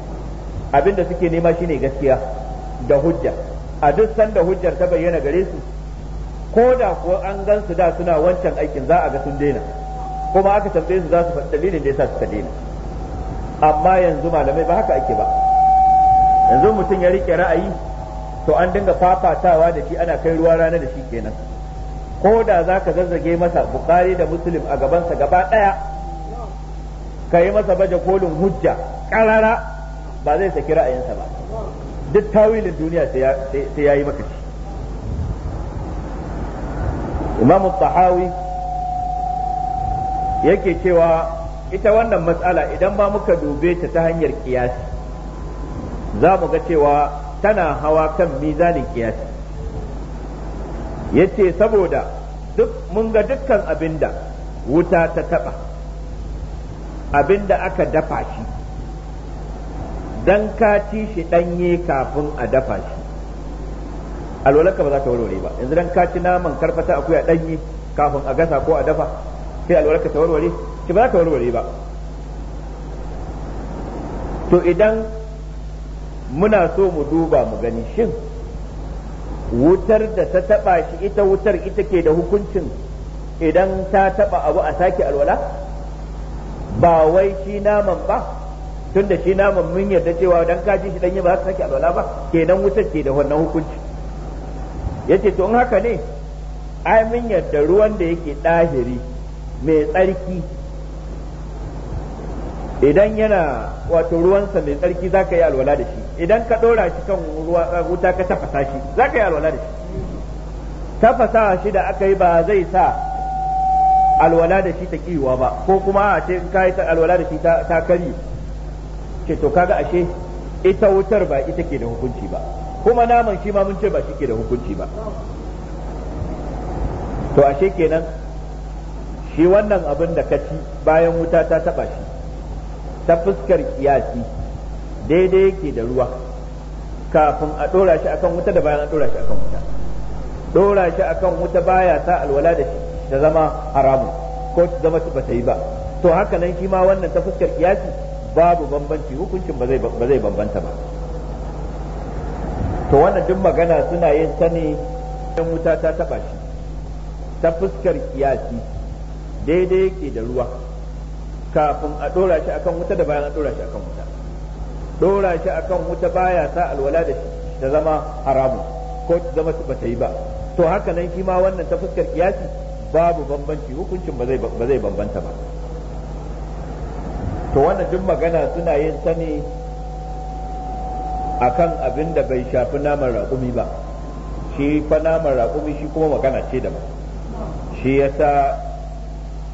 abin da suke nema shine gaskiya da hujja a duk sanda hujjar ta bayyana gare su ko da ko an gansu da suna wancan aikin za a ga sun daina kuma aka tambaye su za su faɗi dalilin da yasa suka daina amma yanzu malamai ba haka ake ba yanzu mutum ya rike ra'ayi to an dinga fafatawa da shi ana kai ruwa rana da shi kenan ko da za ka zazzage masa bukari da muslim a gabansa gaba ɗaya ka yi masa baje kolin hujja ƙarara ba zai saki ra'ayinsa ba duk tawilin duniya sai ya yi maka shi imamu tahawi yake cewa ita wannan matsala idan ba muka dube ta ta hanyar kiyasi za mu ga cewa tana hawa kan mizanin kiyasi yace saboda duk mun ga dukkan abinda wuta ta taba abinda aka dafa shi dan ka ci shi danye kafin a dafa shi alwalarka ba za ta warware ba yanzu dan ka ci naman karfata akuya danye kafin a gasa ko a dafa sai alwalarka ta warware ki ba za ta warware ba to idan muna so mu duba mu gani shin wutar da ta taba shi ita wutar ita ke da hukuncin idan ta taba abu a sake alwala ba wai shi naman ba tun da shi naman mun yarda cewa dan ka ji shi yi ba za ka sake alwala ba kenan wutar ke da wannan hukunci yace to in haka ne ai mun yarda ruwan da yake dahiri mai tsarki idan yana wato ruwansa mai tsarki za ka yi alwala da shi idan ka ɗora shi kan wuta ka tafasa shi za ka yi alwala da shi tafasa shi da aka yi ba zai sa alwala da shi ta kiwa ba ko kuma a ce in ka yi alwala da shi ta kari ce to kaga ashe ita wutar ba ita ke da hukunci ba kuma naman shi ma mun ce ba shi ke da hukunci ba to ashe kenan shi wannan abin da ka ci bayan wuta ta taba shi ta fuskar kiyasi daidai yake da ruwa kafin a dora shi akan wuta da bayan a dora shi akan wuta dora shi akan wuta baya sa alwala da shi ta zama haramu ko ta zama ba ta yi ba to haka nan shi ma wannan ta fuskar kiyasi babu bambanci hukuncin ba zai bambanta ba to wannan duk magana suna yin ta ne dan wuta ta taba shi ta fuskar kiyasi daidai yake da ruwa kafin a dora shi akan wuta da bayan a dora shi akan wuta dora shi akan wuta baya sa alwala da shi ta zama haramu ko ta zama ba ta yi ba to haka nan shi ma wannan ta fuskar kiyasi babu bambanci hukuncin ba zai bambanta ba to wannan duk magana suna yin sani akan abin da bai shafi naman raƙumi ba shi fa naman raƙumi shi kuma magana ce da shi yasa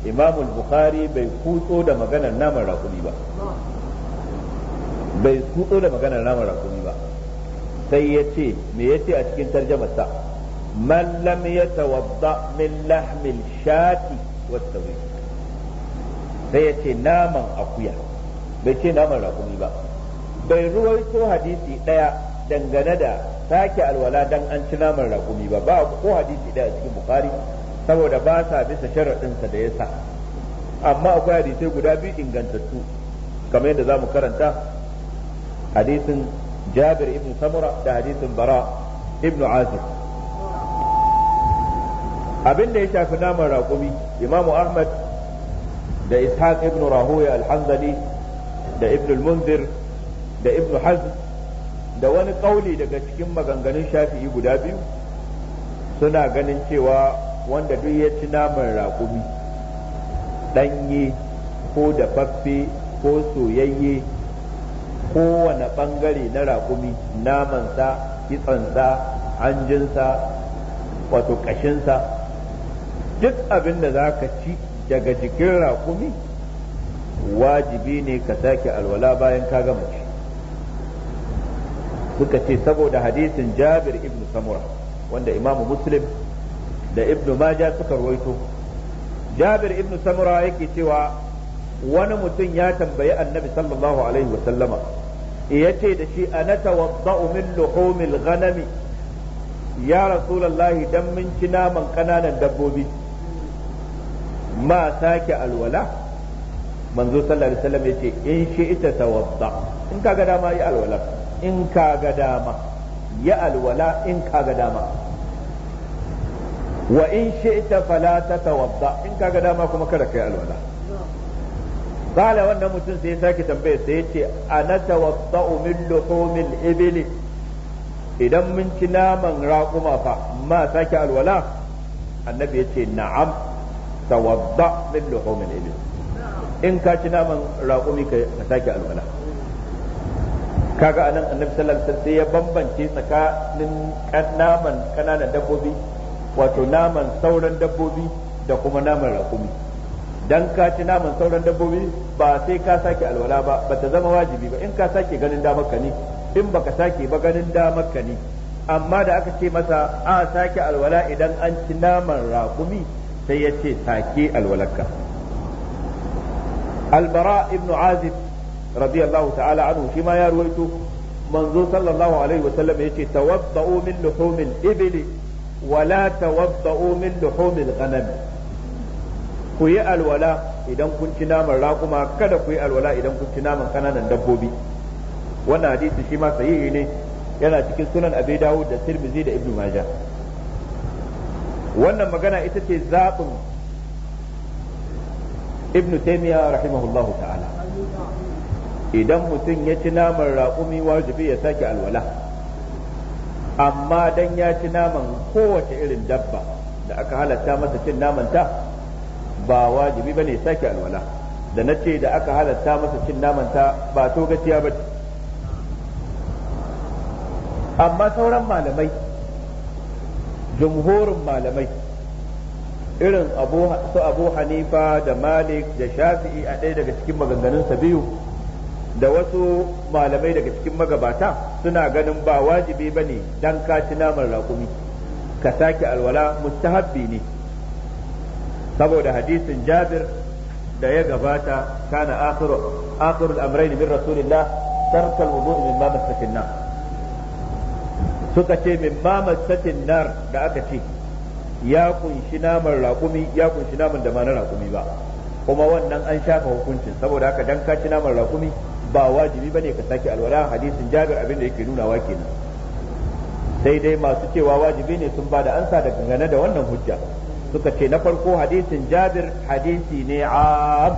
imamul bukhari bai kutso da maganar naman raƙumi ba bai kutso da maganar naman raƙumi ba sai ya ce me ya ce a cikin tarjamarsa man lam yatawadda min lahmil shati wat tawil sai ya ce naman akuya bai ce naman raƙumi ba bai ruwaito hadisi ɗaya dangane da sake alwala dan an ci naman raƙumi ba ba ko hadisi ɗaya cikin bukari saboda ba sa bisa sharaɗinsa da ya sa amma akwai hadisai guda biyu ingantattu kamar yadda za mu karanta hadisin jabir ibn samura da hadisin bara ibn azib abin da ya shafi naman raƙumi imamu ahmad da ishaq ibn rahoya al da ibn al-munzir da ibn hazm da wani kauli daga cikin maganganun shafi'i guda biyu suna ganin cewa wanda duk ya ci naman raƙumi ɗanye ko dafaffe ko soyayye kowane ɓangare na raƙumi namansa kitsansa hanjinsa wato ƙashinsa duk abin da za ka ci daga jikin raƙumi wajibi ne ka sake alwala bayan ka gama ci suka ce saboda hadisin jabir ibn samura wanda imamu muslim da ibn maja suka ruwaito jabir ibn samura yake cewa wani mutum ya tambayi annabi sallallahu alaihi wasallama ya ce da shi a tawadda'u min luhumil ghanami ya rasulullahi dan mun ci naman ƙananan dabbobi ma sake alwala manzo sallallahu alaihi wasallam yace in shi ita tawadda in kaga dama yi alwala in kaga dama ya alwala in kaga dama wa in shi'ta fala tatawadda in kaga dama kuma kada kai alwala qala wannan mutum sai ya sake tambaye sai yace ana tawadda'u min luhumil ibli idan mun ci naman raƙuma fa ma sake alwala annabi yace na'am tawadda min luhumil ibil in ka ci naman raƙumi ka sake alwala kaga anan annabi sallallahu alaihi wasallam sai ya bambance tsakanin naman kananan dabbobi wato naman sauran dabbobi da kuma naman raƙumi dan ka ci naman sauran dabbobi ba sai ka sake alwala ba ba ta zama wajibi ba in ka sake ganin damar ka ne in baka sake ba ganin damar ka ne amma da aka ce masa a sake alwala idan an ci naman raƙumi sai ya ce take alwalakka albara ibnu azib radiyallahu ta'ala anhu shi ma ya ruwaito manzo sallallahu alaihi wa sallam yace tawadda'u min luhumil ibli wa la tawadda'u min luhumil ghanam ku yi alwala idan kun ci naman raƙuma kada ku yi alwala idan kun ci naman kananan dabbobi wannan hadisi shi ma sahihi ne yana cikin sunan abi dawud da tirmizi da ibnu majah wannan magana ita ce zaɓin ibn taymiya rahimahullahu ta'ala idan mutum ya ci naman raƙumi wajibi ya sake alwala amma dan ya ci naman kowace irin dabba da aka halatta masa cin namanta ba wajibi ba ne, sake alwala da na ce da aka halatta masa cin namanta ba to gaciya ba amma sauran malamai jumhurin malamai irin su abu hanifa da malik da shafi'i a ɗaya daga cikin maganganunsa biyu da wasu malamai daga cikin magabata suna ganin ba wajibi ba ne don ka ci naman raƙumi ka sake alwala mustahabbi ne saboda hadisin jabir da ya gabata kana akhiru akhiru al-amrayn min rasulillah tarkal wudu'i mimma masakatin nas suka ce min satin nar da aka ce ya kunshi naman raƙumi ya kunshi naman da mana na raƙumi ba kuma wannan an shafa hukuncin saboda haka dan ka ci naman raƙumi ba wajibi bane ka sake alwala hadisin Jabir abin da yake wa kenan sai dai masu cewa wajibi ne sun ba da ansa da gangane da wannan hujja suka ce na farko hadisin Jabir hadisi ne a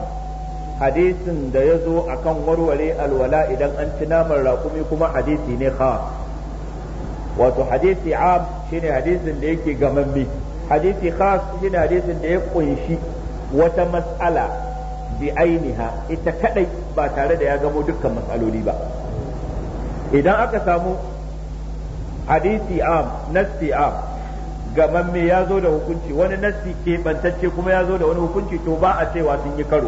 hadisin da ya zo akan warware alwala idan an ci naman raƙumi kuma hadisi ne khas wato hadisi am shine hadisin da yake gamammi hadisi khas shine hadisin da ya kunshi wata mas'ala bi ainiha ita kadai ba tare da ya gamo dukkan mas'aloli ba idan aka samu hadisi am nassi am gamamme ya zo da hukunci wani nassi bantacce kuma ya zo da wani hukunci to ba a cewa sun yi karo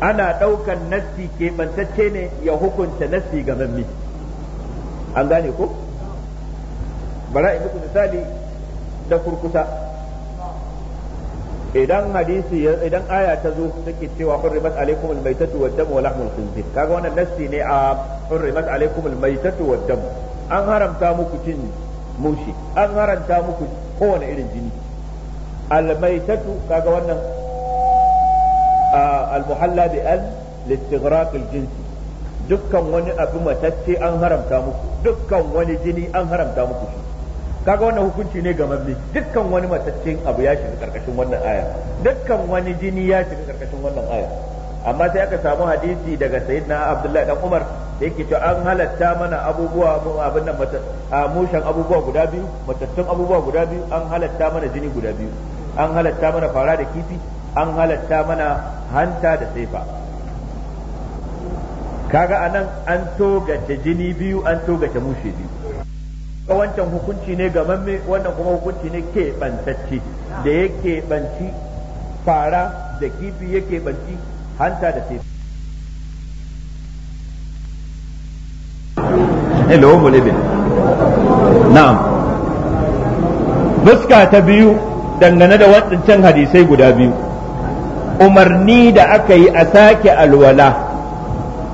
ana ɗaukan nassi bantacce ne ya hukunta nassi gamamme an gane ko bara in muku misali da kurkusa idan hadisi idan aya ta zo take cewa hurrimat alaikum almaytatu wad wa lahmul khinzir kaga wannan nassi ne a hurrimat alaikum almaytatu wad an haramta muku cin mushi an haramta muku kowane irin jini almaitatu kaga wannan almuhalla bi al listighraq aljinsi dukkan wani abu matacce an haramta muku dukkan wani jini an haramta muku shi kaga wannan hukunci ne ga mazi dukkan wani mataccen abu ya shiga karkashin wannan aya dukkan wani jini ya shiga karkashin wannan aya amma sai aka samu hadisi daga sayyidina abdullahi dan umar da yake cewa an halatta mana abubuwa abin nan mushan abubuwa guda biyu matattun abubuwa guda biyu an halatta mana jini guda biyu an halatta mana fara da kifi an halatta mana hanta da saifa kaga anan an togace jini biyu an togace mushe biyu wancan hukunci ne ga mamme wannan kuma hukunci ne ke bantacce da ya banci fara da kifi ya banci hanta da tefi hello mulibin na'am fuska ta biyu dangane da waɗancan hadisai guda biyu umarni da aka yi a sake alwala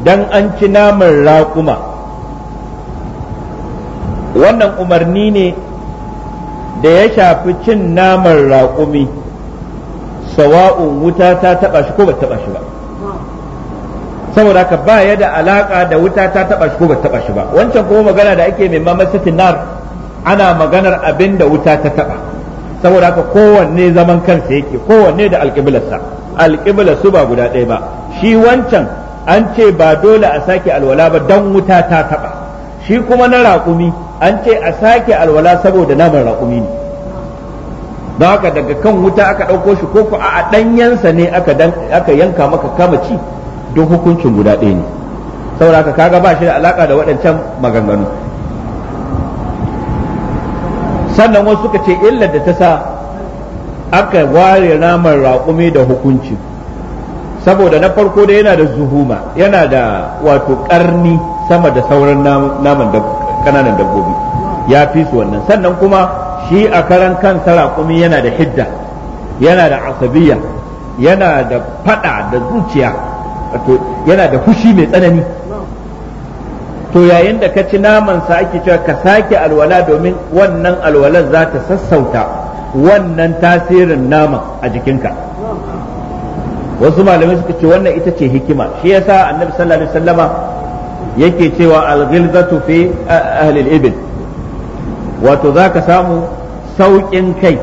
dan an ci naman raƙuma wannan umarni ne da ya shafi cin naman raƙumi sawa'un wuta ta taɓa shi ko ba taɓa shi ba saboda haka ba ya da alaƙa da wuta ta taɓa shi ko ba taɓa shi ba wancan kuma magana da ake mai mamasatin nar ana maganar abin da wuta ta taɓa saboda haka kowanne zaman kansa yake kowanne da alƙiblarsa alƙiblar su ba guda ɗaya ba shi wancan an ce ba dole a sake alwala ba don wuta ta taɓa shi kuma na raƙumi an ce a sake alwala saboda naman raƙumi ne don haka daga kan wuta aka ɗauko shi ko kuwa a ɗanyensa ne aka yanka maka kama ci don hukuncin guda ɗaya ne saboda haka kaga ba shi da alaƙa da waɗancan maganganu sannan wasu suka ce illar da ta sa aka ware naman raƙumi da hukunci saboda na farko da yana da zuhuma yana da wato ƙarni sama da sauran naman dabba kananan dabbobi ya fi su wannan sannan kuma shi a karan kansa sarakumi yana da hidda yana da asabiya yana da fada da zuciya wato yana da fushi mai tsanani to yayin da ka ci namansa ake cewa ka sake alwala domin wannan alwalan za ta sassauta wannan tasirin naman a jikinka wasu malamai suka ce wannan ita ce hikima shi yasa annabi sallallahu alaihi wasallama yake cewa alghilzatu fi ahli al-ibil wato zaka samu saukin kai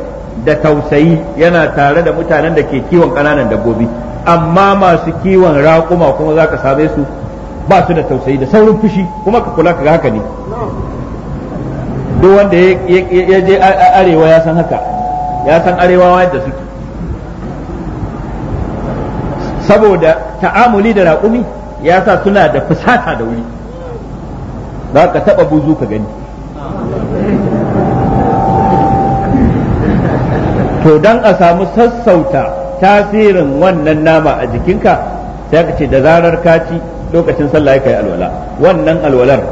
da tausayi yana tare da mutanen da ke kiwon kananan dabbobi amma masu kiwon raƙuma kuma zaka same su ba su da tausayi da saurin fushi kuma ka kula kaga haka ne duk wanda ya je arewa ya san haka ya san wa yadda suke saboda ta'amuli da raƙumi ya sa suna da fusata da wuri za ka taɓa buzu ka gani to don a samu sassauta tasirin wannan nama a jikinka sai ka ce da zarar kaci lokacin sallah ka yi alwala wannan alwalar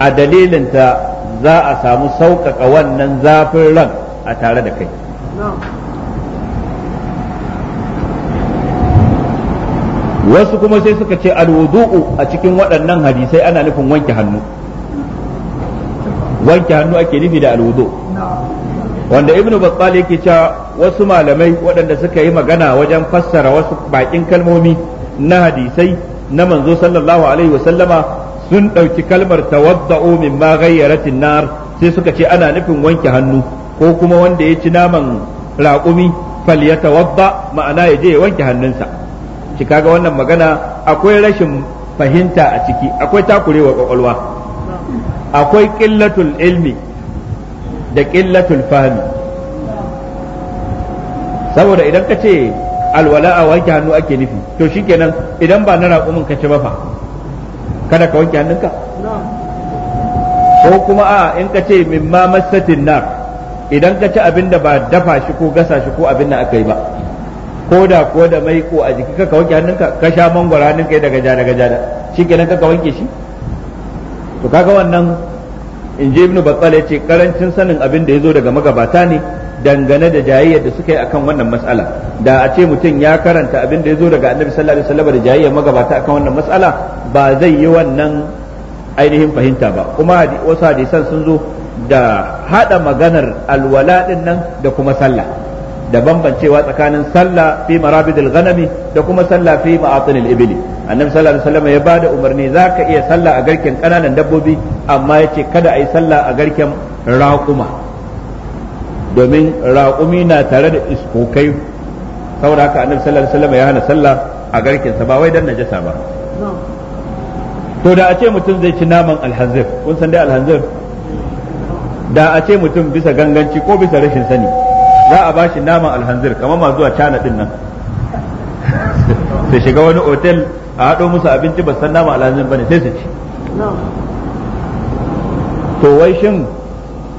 a dalilinta za a samu sauƙaƙa wannan zafin ran a tare da kai wasu kuma sai suka ce alwudu'u a cikin waɗannan hadisai ana nufin wanke hannu wanke hannu ake nufi da alwudu wanda ibnu battal yake cewa wasu malamai waɗanda suka yi magana wajen fassara wasu bakin kalmomi na hadisai na manzo sallallahu alaihi sallama sun ɗauki kalmar tawadda'u min ma ghayyaratin nar sai suka ce ana nufin wanke hannu ko kuma wanda ya ci naman raƙumi falyatawadda ma'ana ya je ya wanke hannunsa ki kaga wannan magana akwai rashin fahimta a ciki akwai takurewa kwakwalwa akwai ƙillatul ilmi da ƙillatul fahmi saboda idan ka ce alwala a wanke hannu ake nufi to shikenan idan ba na raƙumin ka ci ba fa kada ka wanke hannunka ko kuma a in ka ce min ma masatin nar idan ka ci abin da ba dafa shi ko gasa shi ko abin da aka yi ba ko da ko da mai ko a jiki ka wanke hannunka ka sha mangwara hannunka daga ja daga ja shi kenan ka wanke shi to kaga wannan in je ibnu battal yace karancin sanin abin da yazo daga magabata ne dangane da jayayyar da suka yi akan wannan matsala da a ce mutum ya karanta abin da yazo daga annabi sallallahu alaihi wasallam da jayayyar magabata akan wannan matsala ba zai yi wannan ainihin fahimta ba kuma wasu hadisan sun zo da hada maganar alwala din nan da kuma sallah da bambancewa tsakanin sallah fi marabidil ghanami da kuma sallah fi ma'atinil ibili annabi sallallahu alaihi wasallam ya bada umarni zaka iya sallah a garken kananan dabbobi amma yace kada a yi sallah a garken raƙuma domin raƙumi na tare da iskokai saboda haka annabi sallallahu alaihi wasallam ya hana sallah a garken sa ba wai dan najasa ba to da a ce mutum zai ci naman alhanzir kun san dai alhanzir da a ce mutum bisa ganganci ko bisa rashin sani za a bashi naman alhanzir kamar ma zuwa cana din nan sai shiga wani otel a haɗo musu abinci ba san naman alhanzir ne sai su ci to wai shin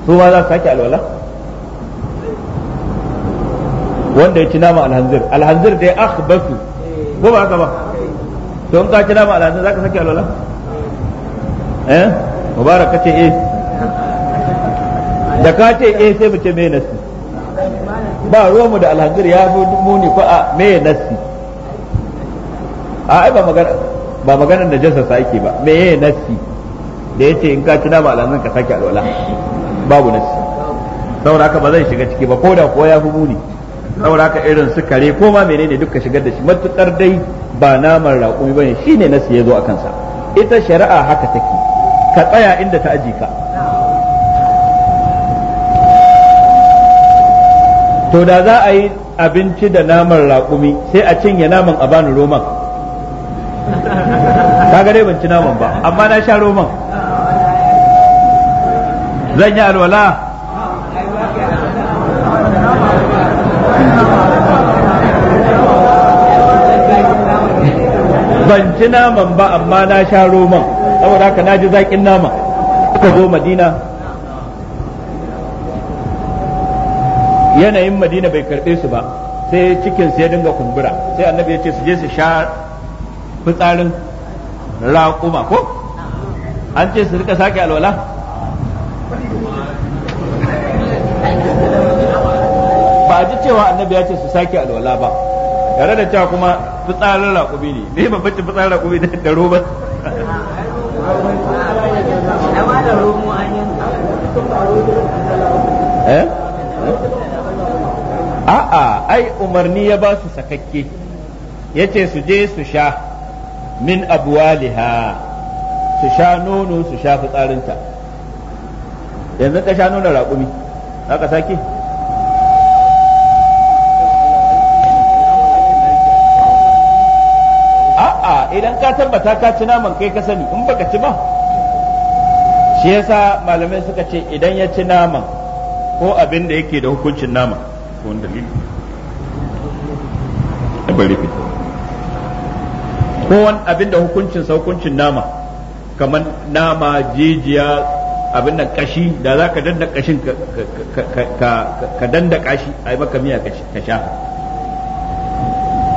su ma za su sake alwala wanda ya ci nama alhanzir alhanzir dai su ko ba haka ba to in ka ci nama alhanzir ka sake alwala eh mubarak ce eh da ka ce eh sai mu ce me nasu ba mu da alhanzir ya fi muni ko a me nassi a ai ba magana ba maganar da jasa sake ba me ya nassi da ya ce in ka tuna ba alhanzir ka sake alwala babu nassi saboda haka ba zai shiga ciki ba ko da ko ya fi muni saboda haka irin su kare ko ma menene duka shigar da shi matukar dai ba naman raƙumi bane shine nassi ya zo a kansa ita shari'a haka take ka tsaya inda ta aji ka to da za a yi abinci da naman raƙumi sai a cinye naman a bani roman kaga dai ban ci naman ba amma na sha roman zan yi alwala ban ci naman ba amma na sha roman saboda haka na ji zaƙin naman ka zo madina yanayin madina bai karbe su ba sai cikin sai dinga kumbura sai annabi ya ce su je su sha fitsarin raƙuma ko an ce su rika sake alwala ba a ji cewa annabi ya ce su sake alwala ba tare da cewa kuma fitsarin raƙumi ne ne babbancin fitsarin raƙumi da roba eh a'a ai umarni ya ba su sakakke yace su je su sha min abwaliha su sha nono su sha fitsarinta yanzu ka sha nono raƙumi za ka sake a'a idan ka tabbata ka ci naman kai ka sani in baka ci ba shi yasa malamai suka ce idan ya ci naman ko abin da yake da hukuncin naman ko wani dalili ban rufe ko wani abin da hukuncin sa hukuncin nama kamar nama jijiya abin da kashi da za ka danda kashin ka danda kashi a yi maka miya ka sha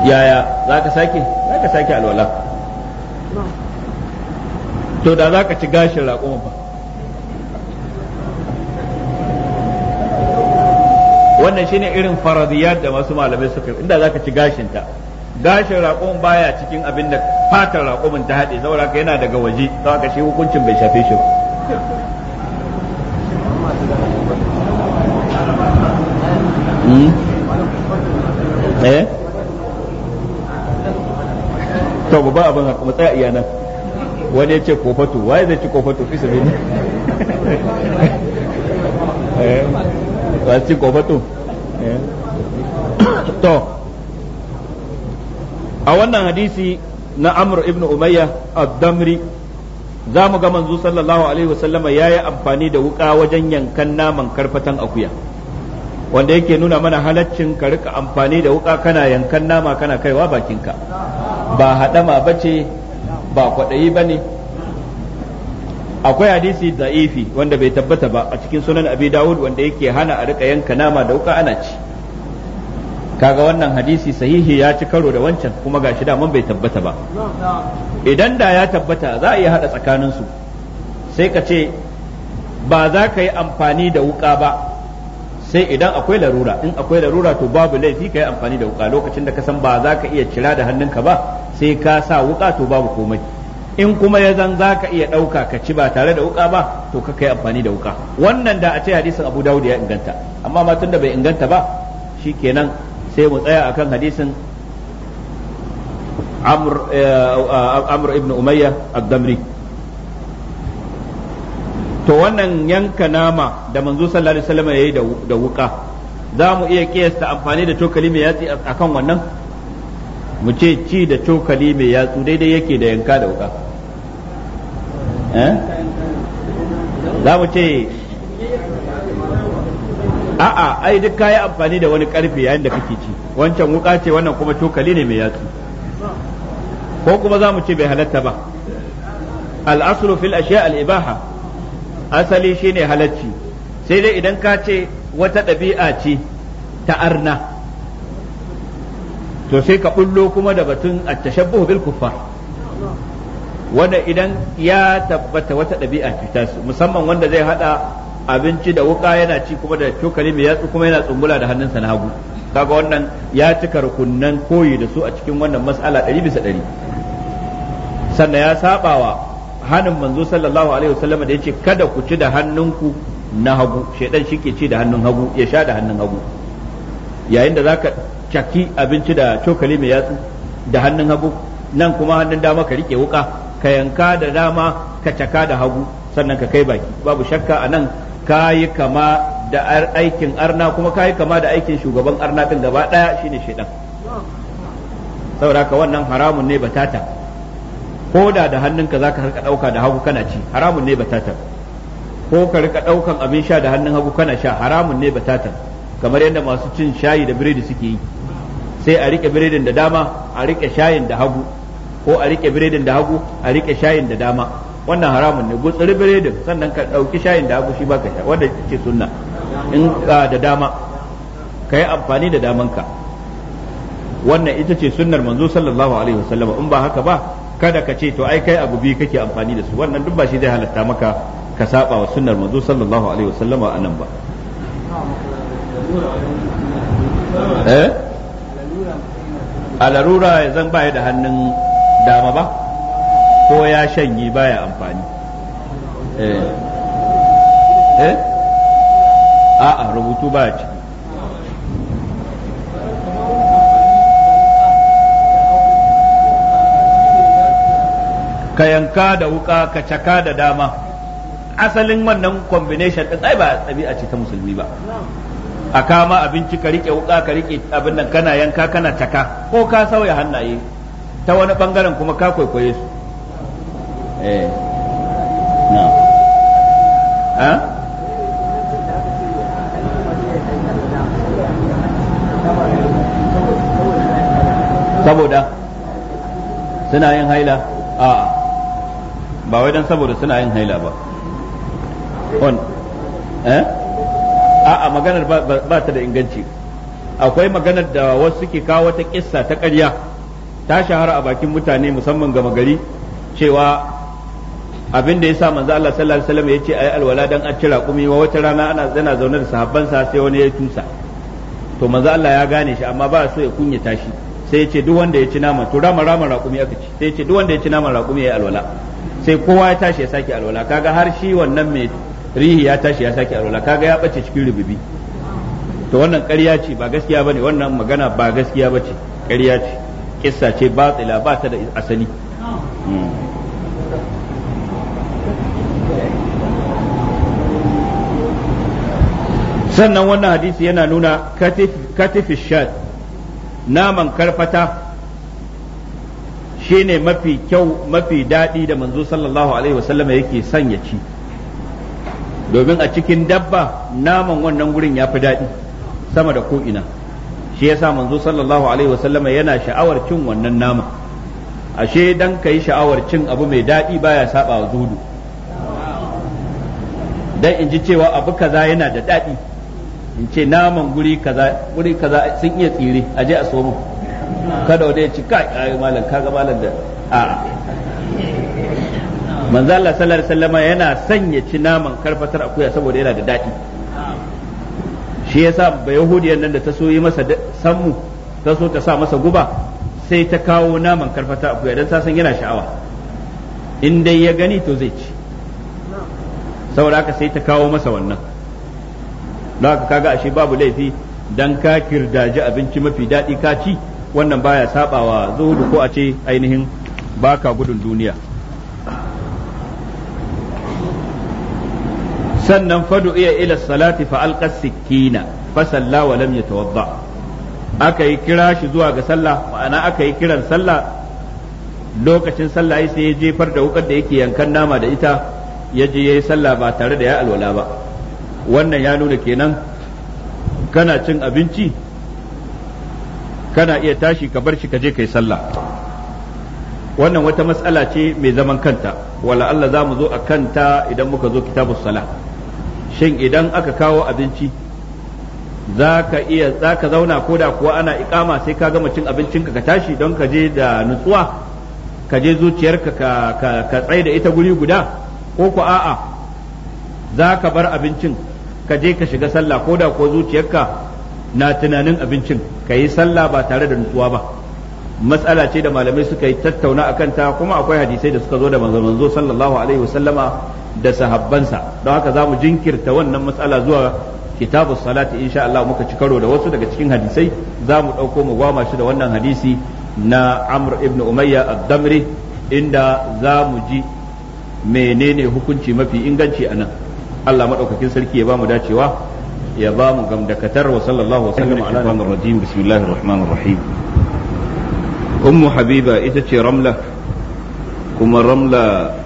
yaya za ka sake za ka sake alwala to da za ka ci gashin raƙuma ba wannan shine irin faradiyar da wasu malamai suka yi inda zaka ci gashin ta gashin raƙon baya cikin abin da fatar raƙumin ta haɗe saboda haka yana daga waje saboda shi hukuncin bai shafe shi ba hmm? eh to ba abin haka mu tsaya iya wani ya ce kofatu waye zai ci kofatu fi ne eh wasu ci kofatu to a wannan hadisi na amr ibn umayya ad-damri za mu ga manzo sallallahu alaihi wasallama ya yi amfani da wuka wajen yankan naman karfatan akuya wanda yake nuna mana halaccin ka rika amfani da wuka kana yankan nama kana kaiwa bakinka ba haɗama ba ce ba kwaɗayi ba akwai hadisi da'ifi wanda bai tabbata ba a cikin sunan abi dawud wanda yake hana a rika yanka nama da wuka ana ci kaga wannan hadisi sahihi ya ci karo da wancan kuma gashi da mun bai tabbata ba idan da ya tabbata za a iya hada tsakanin su sai ka ce ba za ka yi amfani da wuka ba sai idan akwai larura in akwai larura to babu laifi ka yi amfani da wuka lokacin da ka san ba za ka iya cira da hannunka ba sai ka sa wuka to babu komai in kuma ya zan za ka iya ɗauka ka ci ba tare da wuka ba to ka kai amfani da wuka wannan da a ce hadisin abu dawud ya inganta amma ma tunda bai inganta ba shi kenan sai mu tsaya akan hadisin amr eh, ibn umayya ad-damri to wannan yanka nama da manzo sallallahu alaihi wasallam yayi da wuka za mu iya kiyasta amfani da cokali mai yatsi akan wannan mu ce ci da cokali mai yatsu daidai yake da yanka da wuka eh? za mu ce a'a ai duk kayi amfani da wani karfi yayin da kake ci wancan wuka ce wannan kuma cokali ne mai yatsu ko kuma za mu ce bai halatta ba al'aslu fil ashiya al'ibaha ibaha asali shine halacci sai dai idan ka ce wata ɗabi'a ce ta arna to sai ka bullo kuma da batun at-tashabbuh bil kuffar wanda idan ya tabbata wata ɗabi'a ce tasu musamman wanda zai hada abinci da wuka yana ci kuma da cokali mai yatsu kuma yana tsungula da hannunsa na hagu kaga wannan ya cika rukunnan koyi da su a cikin wannan mas'ala ɗari bisa ɗari sannan ya sabawa hanin manzo sallallahu alaihi wasallam da yace kada ku ci da hannunku na hagu shedan shike ci da hannun hagu ya sha da hannun hagu yayin da zaka caki abinci da cokali mai yatsu da hannun hagu nan kuma hannun dama ka rike wuka ka yanka da dama ka caka da hagu sannan ka kai baki babu shakka a nan ka yi kama da aikin arna kuma ka yi kama da aikin shugaban arna din gaba ɗaya shine shaidan saboda ka wannan haramun ne batata ko da da hannunka zaka harka ɗauka da hagu kana ci haramun ne batata ko ka rika ɗaukan abin sha da hannun hagu kana sha haramun ne batata kamar yadda masu cin shayi da biredi suke yi sai a rike biredin da dama a rike shayin da hagu ko a rike biredin da hagu a rike shayin da dama wannan haramun ne gutsuri biredin sannan ka ɗauki shayin da hagu shi baka sha wanda ce sunna in ka ah, da dama ka yi amfani da damanka wannan ita ce sunnar manzo sallallahu alaihi wasallam in ba haka ba kada ka ce to ai kai abu bi kake amfani da su wannan duk ba shi zai halatta maka ka saba wa sunnar manzo sallallahu alaihi wasallam a nan ba eh a larura ya zan baya da hannun dama ba ko ya shanye baya amfani eh eh a'a rubutu ba ci ka yanka da wuka ka caka da dama asalin wannan combination din ai ba ɗabi'a ce ta musulmi ba a kama abinci ka rike wuka ka rike abin nan kana yanka kana taka ko ka sauya hannaye ta wani bangaren kuma ka kwaikwaye su eh na ha saboda suna yin haila a ba wai dan saboda suna yin haila ba on eh a'a maganar ba ta da inganci akwai maganar da wasu suke kawo wata kissa ta ƙarya ta shahara a bakin mutane musamman gama gari cewa abin da ya sa manzo Allah sallallahu alaihi wasallam ya ce ayi alwala dan a cira kumi wa wata rana ana yana zaune da sa sai wani ya tusa to manzo Allah ya gane shi amma ba so ya kunya tashi sai ya ce duk wanda ya ci nama to rama rama raƙumi aka ci sai ya ce duk wanda ya ci nama raƙumi yayi alwala sai kowa ya tashi ya saki alwala kaga har shi wannan mai rihi ya tashi ya sake alwala kaga ya bace cikin rububi to wannan ƙarya ce ba gaskiya bane wannan magana ba gaskiya bace ƙarya ce kissa ce batila ba ta da asali hmm. sannan wannan hadisi yana nuna katifi shad naman karfata shine mafi kyau mafi daɗi da manzo sallallahu alaihi wasallam yake sanya ci domin a cikin dabba naman wannan gurin ya fi daɗi sama da ko'ina, shi ya sa manzo sallallahu alaihi wasallama yana sha'awar cin wannan nama ashe dan yi sha'awar cin abu mai daɗi baya saba wa zudu dan in ji cewa abu kaza yana da daɗi in ce naman guri kaza guri kaza sun iya tsire aje a somo kada wanda ya ci kai malam kaga malam da a'a manzo Allah sallallahu alaihi wasallam yana sanya ci naman karfatar akuya saboda yana da daɗi shi yasa ba yahudiyan nan da ta so yi masa sammu ta so ta sa masa guba sai ta kawo naman karfatar akuya dan ta san yana sha'awa in dai ya gani to zai ci saboda haka sai ta kawo masa wannan don haka kaga ashe babu laifi dan ka kirdaji abinci mafi daɗi ka ci wannan baya sabawa zuhudu ko a ce ainihin baka gudun duniya sannan fadu iya ila salati fa alqa sikkina fa salla wa lam yatawadda aka yi kira shi zuwa ga sallah ma'ana aka yi kiran sallah lokacin sallah sai ya jefar da wukar da yake yankan nama da ita ya je yayi sallah ba tare da ya alwala ba wannan ya nuna kenan kana cin abinci kana iya tashi ka bar shi ka je kai sallah wannan wata matsala ce mai zaman kanta wala Allah za mu zo a kanta idan muka zo kitabus salah shin idan aka kawo abinci za ka iya za ka zauna ko da kuwa ana ikama sai ka gama cin abincinka ka tashi don ka je da nutsuwa ka je zuciyarka ka tsaye da ita guri guda ko ku a'a za ka bar abincin ka je ka shiga sallah ko da kuwa zuciyarka na tunanin abincin ka yi sallah ba tare da nutsuwa ba matsala ce da malamai suka yi tattauna a ta kuma akwai hadisai da suka zo da manzo sallallahu alaihi wasallama da sahabbansa don haka za mu jinkirta wannan matsala zuwa kitabu salati insha Allah muka ci karo da wasu daga cikin hadisai za mu ɗauko mu gwama shi da wannan hadisi na Amr ibn Umayya ad-Damri inda za mu ji menene hukunci mafi inganci a nan Allah maɗaukakin sarki ya ba mu dacewa ya ba mu gamdakatar wa sallallahu alaihi wa sallam ummu habiba ita ce ramla kuma ramla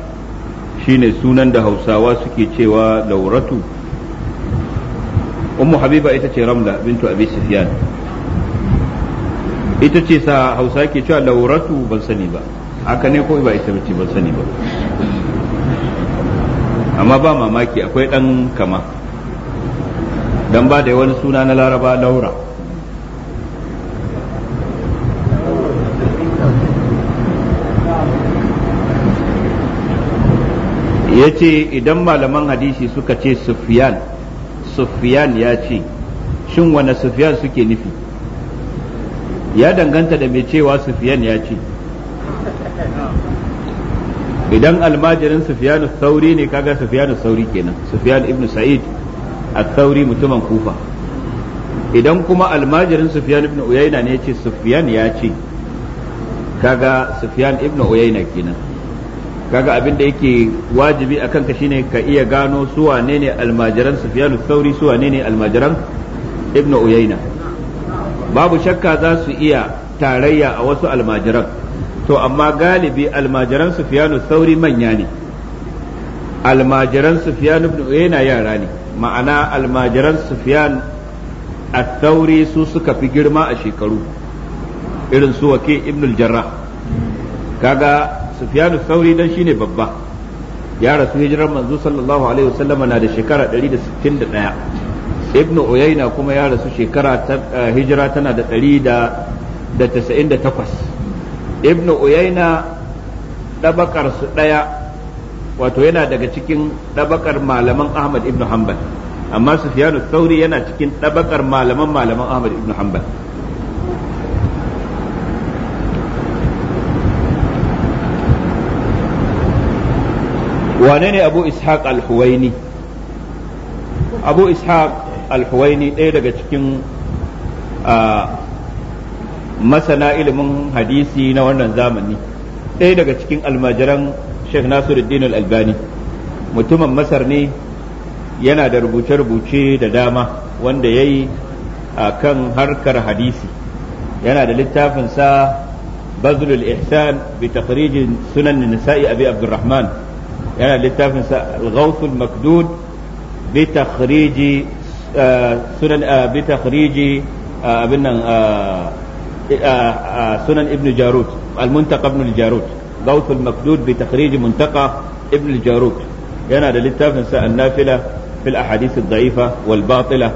shine sunan da hausawa suke cewa lauratu ummu habiba ita ce ramla bintu abi sufyan ita ce sa hausa ke cewa lauratu ban sani ba haka ne ko ba ita bace ban sani ba amma ba mamaki akwai dan kama dan ba da wani suna na laraba laura Ya ce idan malaman hadisi suka ce sufyan sufyan ya ce shin wane sufyan suke nufi ya danganta da mai cewa sufyan ya ce idan almajirin sufyan sauri ne kaga sufyan sauri kenan sufyan ibn sa'id a sauri mutumin kufa idan kuma almajirin sufyan ibn uyayna ne ya ce sufyan ya ce kaga sufyan ibn uyayna kenan kaga abin da yake wajibi a kanka shine ka iya gano su wane ne almajiran sufyan thauri su wane ne almajiran ibnu uyayna babu shakka za su iya tarayya a wasu almajiran to amma galibi almajiran sufyan thauri manya ne almajiran sufyan ibn uyayna yara ne ma'ana almajiran sufyan at-thauri su suka fi girma a shekaru irin su wake ibn al-jarrah kaga sufyanu sauri dan shine babba ya rasu hijirar manzo sallallahu alaihi wasallama na da shekara 161 ibnu uyayna kuma ya rasu shekara ta eh, hijira tana da 198 ibnu uyayna dabakar su daya wato yana daga cikin dabakar malaman ahmad ibn hanbal amma sufyanu sauri yana cikin dabakar malaman malaman ahmad ibn hanbal wane ne abu ishaq al-huwaini abu ishaq al-huwaini ɗaya daga cikin masana ilimin hadisi na wannan zamani ɗaya daga cikin almajiran sheikh nasiruddin al-albani mutumin masar ne yana da rubuce-rubuce da dama wanda ya yi a kan harkar hadisi yana da littafinsa bazlul ihsan bi takhrijin sunan nisa'i abi abdurrahman يعني لتاف الغوث المكدود بتخريج آه، سنن آه، بتخريج ابن آه، سنن ابن جاروت المنتقى ابن الجاروت غوث المكدود بتخريج منتقى ابن الجاروت يعني هذا لتاف النافلة في الأحاديث الضعيفة والباطلة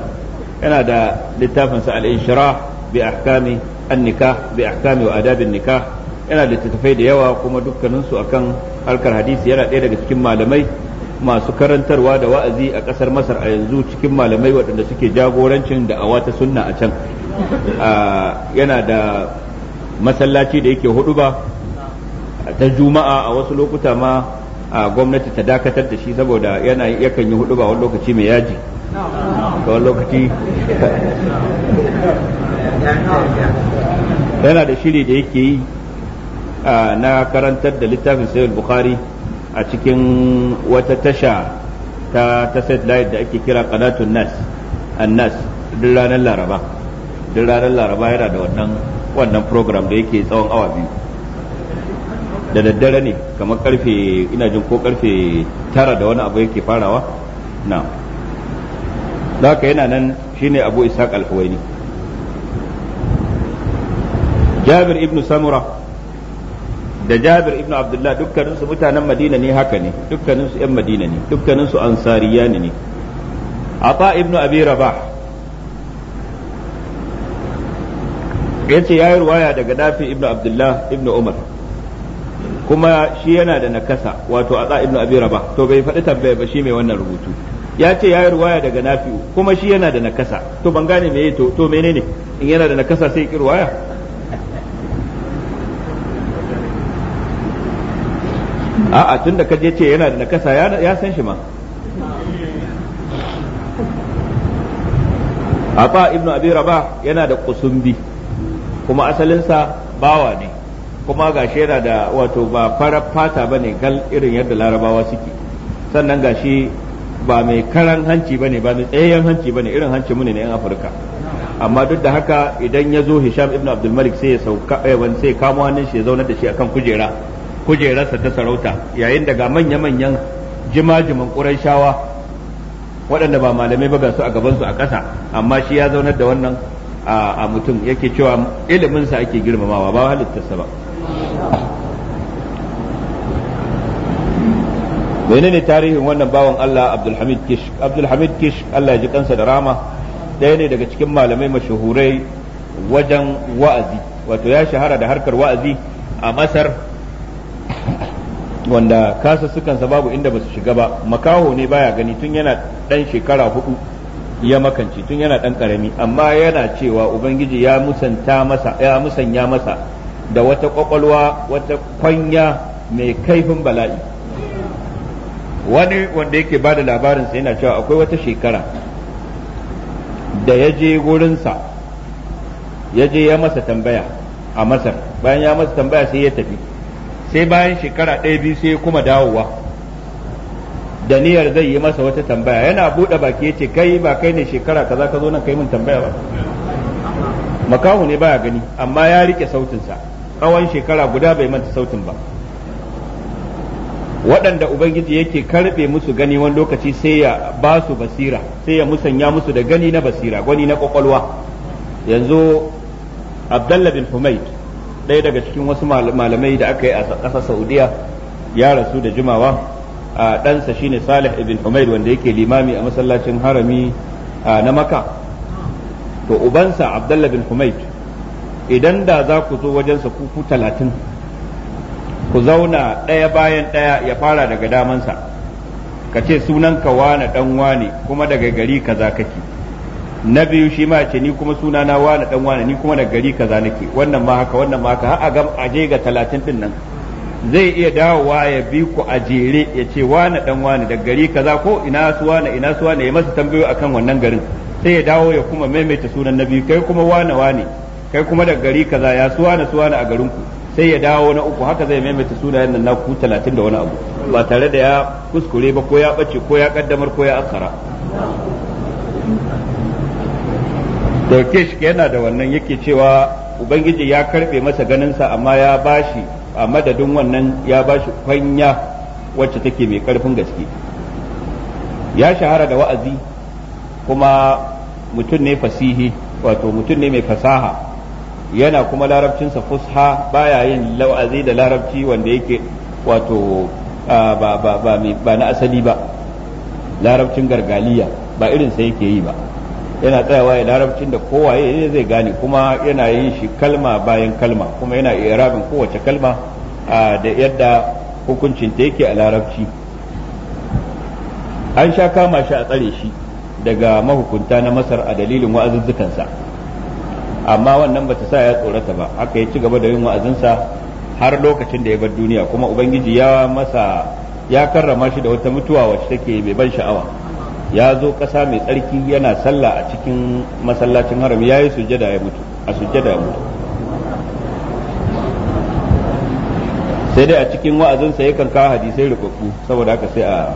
يعني هذا لتاف الإنشراح بأحكام النكاح بأحكام وآداب النكاح yana da littattafai da yawa kuma dukkaninsu akan harkar hadisi yana ɗaya daga cikin malamai masu karantarwa da wa'azi a ƙasar masar a yanzu cikin malamai waɗanda suke jagorancin da a ta sunna a can yana da masallaci da yake hudu ba ta juma'a a wasu lokuta ma a gwamnati ta dakatar da shi saboda yana yakan yi hudu ba wani lokaci mai yaji ga wani lokaci yana da shiri da yake yi na karantar da littafin sahih bukhari a cikin wata tasha ta ta satellite da ake kira qanatun nas annas duk ranar laraba duk ranar laraba yana da wannan wannan program da yake tsawon awa biyu da daddare ne kamar karfe ina jin ko karfe tara da wani abu yake farawa na da haka yana nan shine abu isaq al-huwaini jabir ibn samura da Jabir ibn Abdullah dukkaninsu mutanen Madina ne haka ne dukkaninsu su 'yan Madina ne dukkaninsu ansariya ne ne Ata ibn Abi Rabah yace yayi ruwaya daga Nafi ibn Abdullah ibn Umar kuma shi yana da nakasa wato Ata ibn Abi Rabah to bai faɗi tambaya ba shi mai wannan rubutu ya ce ya yi ruwaya daga nafi'u kuma shi yana da nakasa to ban gane me to to menene in yana da nakasa sai ki ruwaya a'a tun da kaje ce yana da nakasa ya san shi ma Aba ibnu Abi Rabah yana da kusumbi kuma asalinsa bawa ne kuma gashi yana da wato ba farar fata bane gal irin yadda larabawa suke sannan gashi ba mai karan hanci bane ba mai tsayayyen hanci bane irin hanci mu ne na 'yan Afirka amma duk da haka idan ya zo Hisham Ibnu Abdulmalik, Malik sai ya sauka eh, sai kamo hannun shi ya zauna da shi akan kujera kujerarsa ta sarauta yayin da ga manya-manyan jima-jiman ƙurayshawa waɗanda ba malamai ba ga su a gabansu a ƙasa amma shi ya zaunar da wannan a mutum yake cewa iliminsa ake girmamawa ba halittarsa ba ne tarihin wannan bawan Allah Abdulhamid Kish Abdulhamid Kish Allah ya ji kansa da rama ɗaya ne daga cikin malamai mashahurai wajen wa'azi wato ya shahara da harkar wa'azi a Masar wanda kasa sukansa babu inda ba su shiga ba makaho ne baya gani tun yana dan shekara hudu ya makance tun yana dan karami amma yana cewa ubangiji ya musanta masa ya musanya masa da wata kwakwalwa wata kwanya mai kaifin bala'i wani wanda yake bada labarin sa yana cewa akwai wata shekara da ya je gurinsa ya je ya masa tambaya a masar bayan ya masa tambaya sai ya tafi sai bayan shekara ɗaya biyu sai kuma dawowa da zai yi masa wata tambaya yana buɗe baki yace kai ba kai ne shekara kaza ka zo nan kai mun tambaya ba makahu ne baya gani amma ya rike sautinsa tsawon shekara guda bai manta sautin ba waɗanda ubangiji yake karɓe musu gani wani lokaci sai ya ba su basira sai ya musanya musu da gani na basira gani na ƙwaƙwalwa yanzu abdallah bin humaid ɗaya daga cikin wasu malamai da aka yi a ƙasar saudiya ya rasu da jimawa a ɗansa shine salih ibn umair wanda yake limami a masallacin harami na maka to ubansa abdullah bin humaid idan da za ku zo wajensa kuku talatin ku zauna ɗaya bayan ɗaya ya fara daga damansa ka ce sunanka wane ɗan ne kuma daga gari kaza kake na biyu shi ma ce ni kuma suna na wani dan wani ni kuma da gari kaza nake wannan ma haka wannan ma haka har a ga aje ga talatin din nan zai iya dawowa ya bi ku a jere ya ce wani dan wani da gari kaza ko ina su wani ina su wani ya masa tambayo akan wannan garin sai ya dawo ya kuma maimaita sunan na biyu kai kuma wani wani kai kuma da gari kaza ya su wani su wani a garin ku sai ya dawo na uku haka zai maimaita sunayen nan naku talatin da wani abu ba tare da ya kuskure ba ko ya bace ko ya kaddamar ko ya akara dauke kishk yana da wannan yake cewa ubangiji ya karbe masa ganin sa amma ya bashi a madadin wannan ya bashi kwanya wacce take mai karfin gaske ya shahara da wa'azi kuma mutum ne fasihi wato mutum ne mai fasaha yana kuma larabcinsa fusha baya yin wa'azi da larabci wanda yake wato ba na asali ba larabcin gargaliya ba irinsa yake yi ba yana tsayawa ya larabcin da kowaye zai gane kuma yana yin shi kalma bayan kalma kuma yana iya rabin kowace kalma da yadda hukuncin ta yake a larabci an sha kama shi a tsare shi daga mahukunta na masar a dalilin wa'azuzzukansa amma wannan bata sa ya tsorata ba aka yi ci gaba da yin wa'azinsa har lokacin da ya bar duniya kuma ubangiji ya masa ya karrama shi da wata mutuwa wacce take mai ban sha'awa ya zo ƙasa mai tsarki yana sallah a cikin masallacin haram ya yi sujada ya mutu a sujada ya mutu sai dai a cikin wa'azinsa yakan kawo hadisai rikakku saboda haka sai a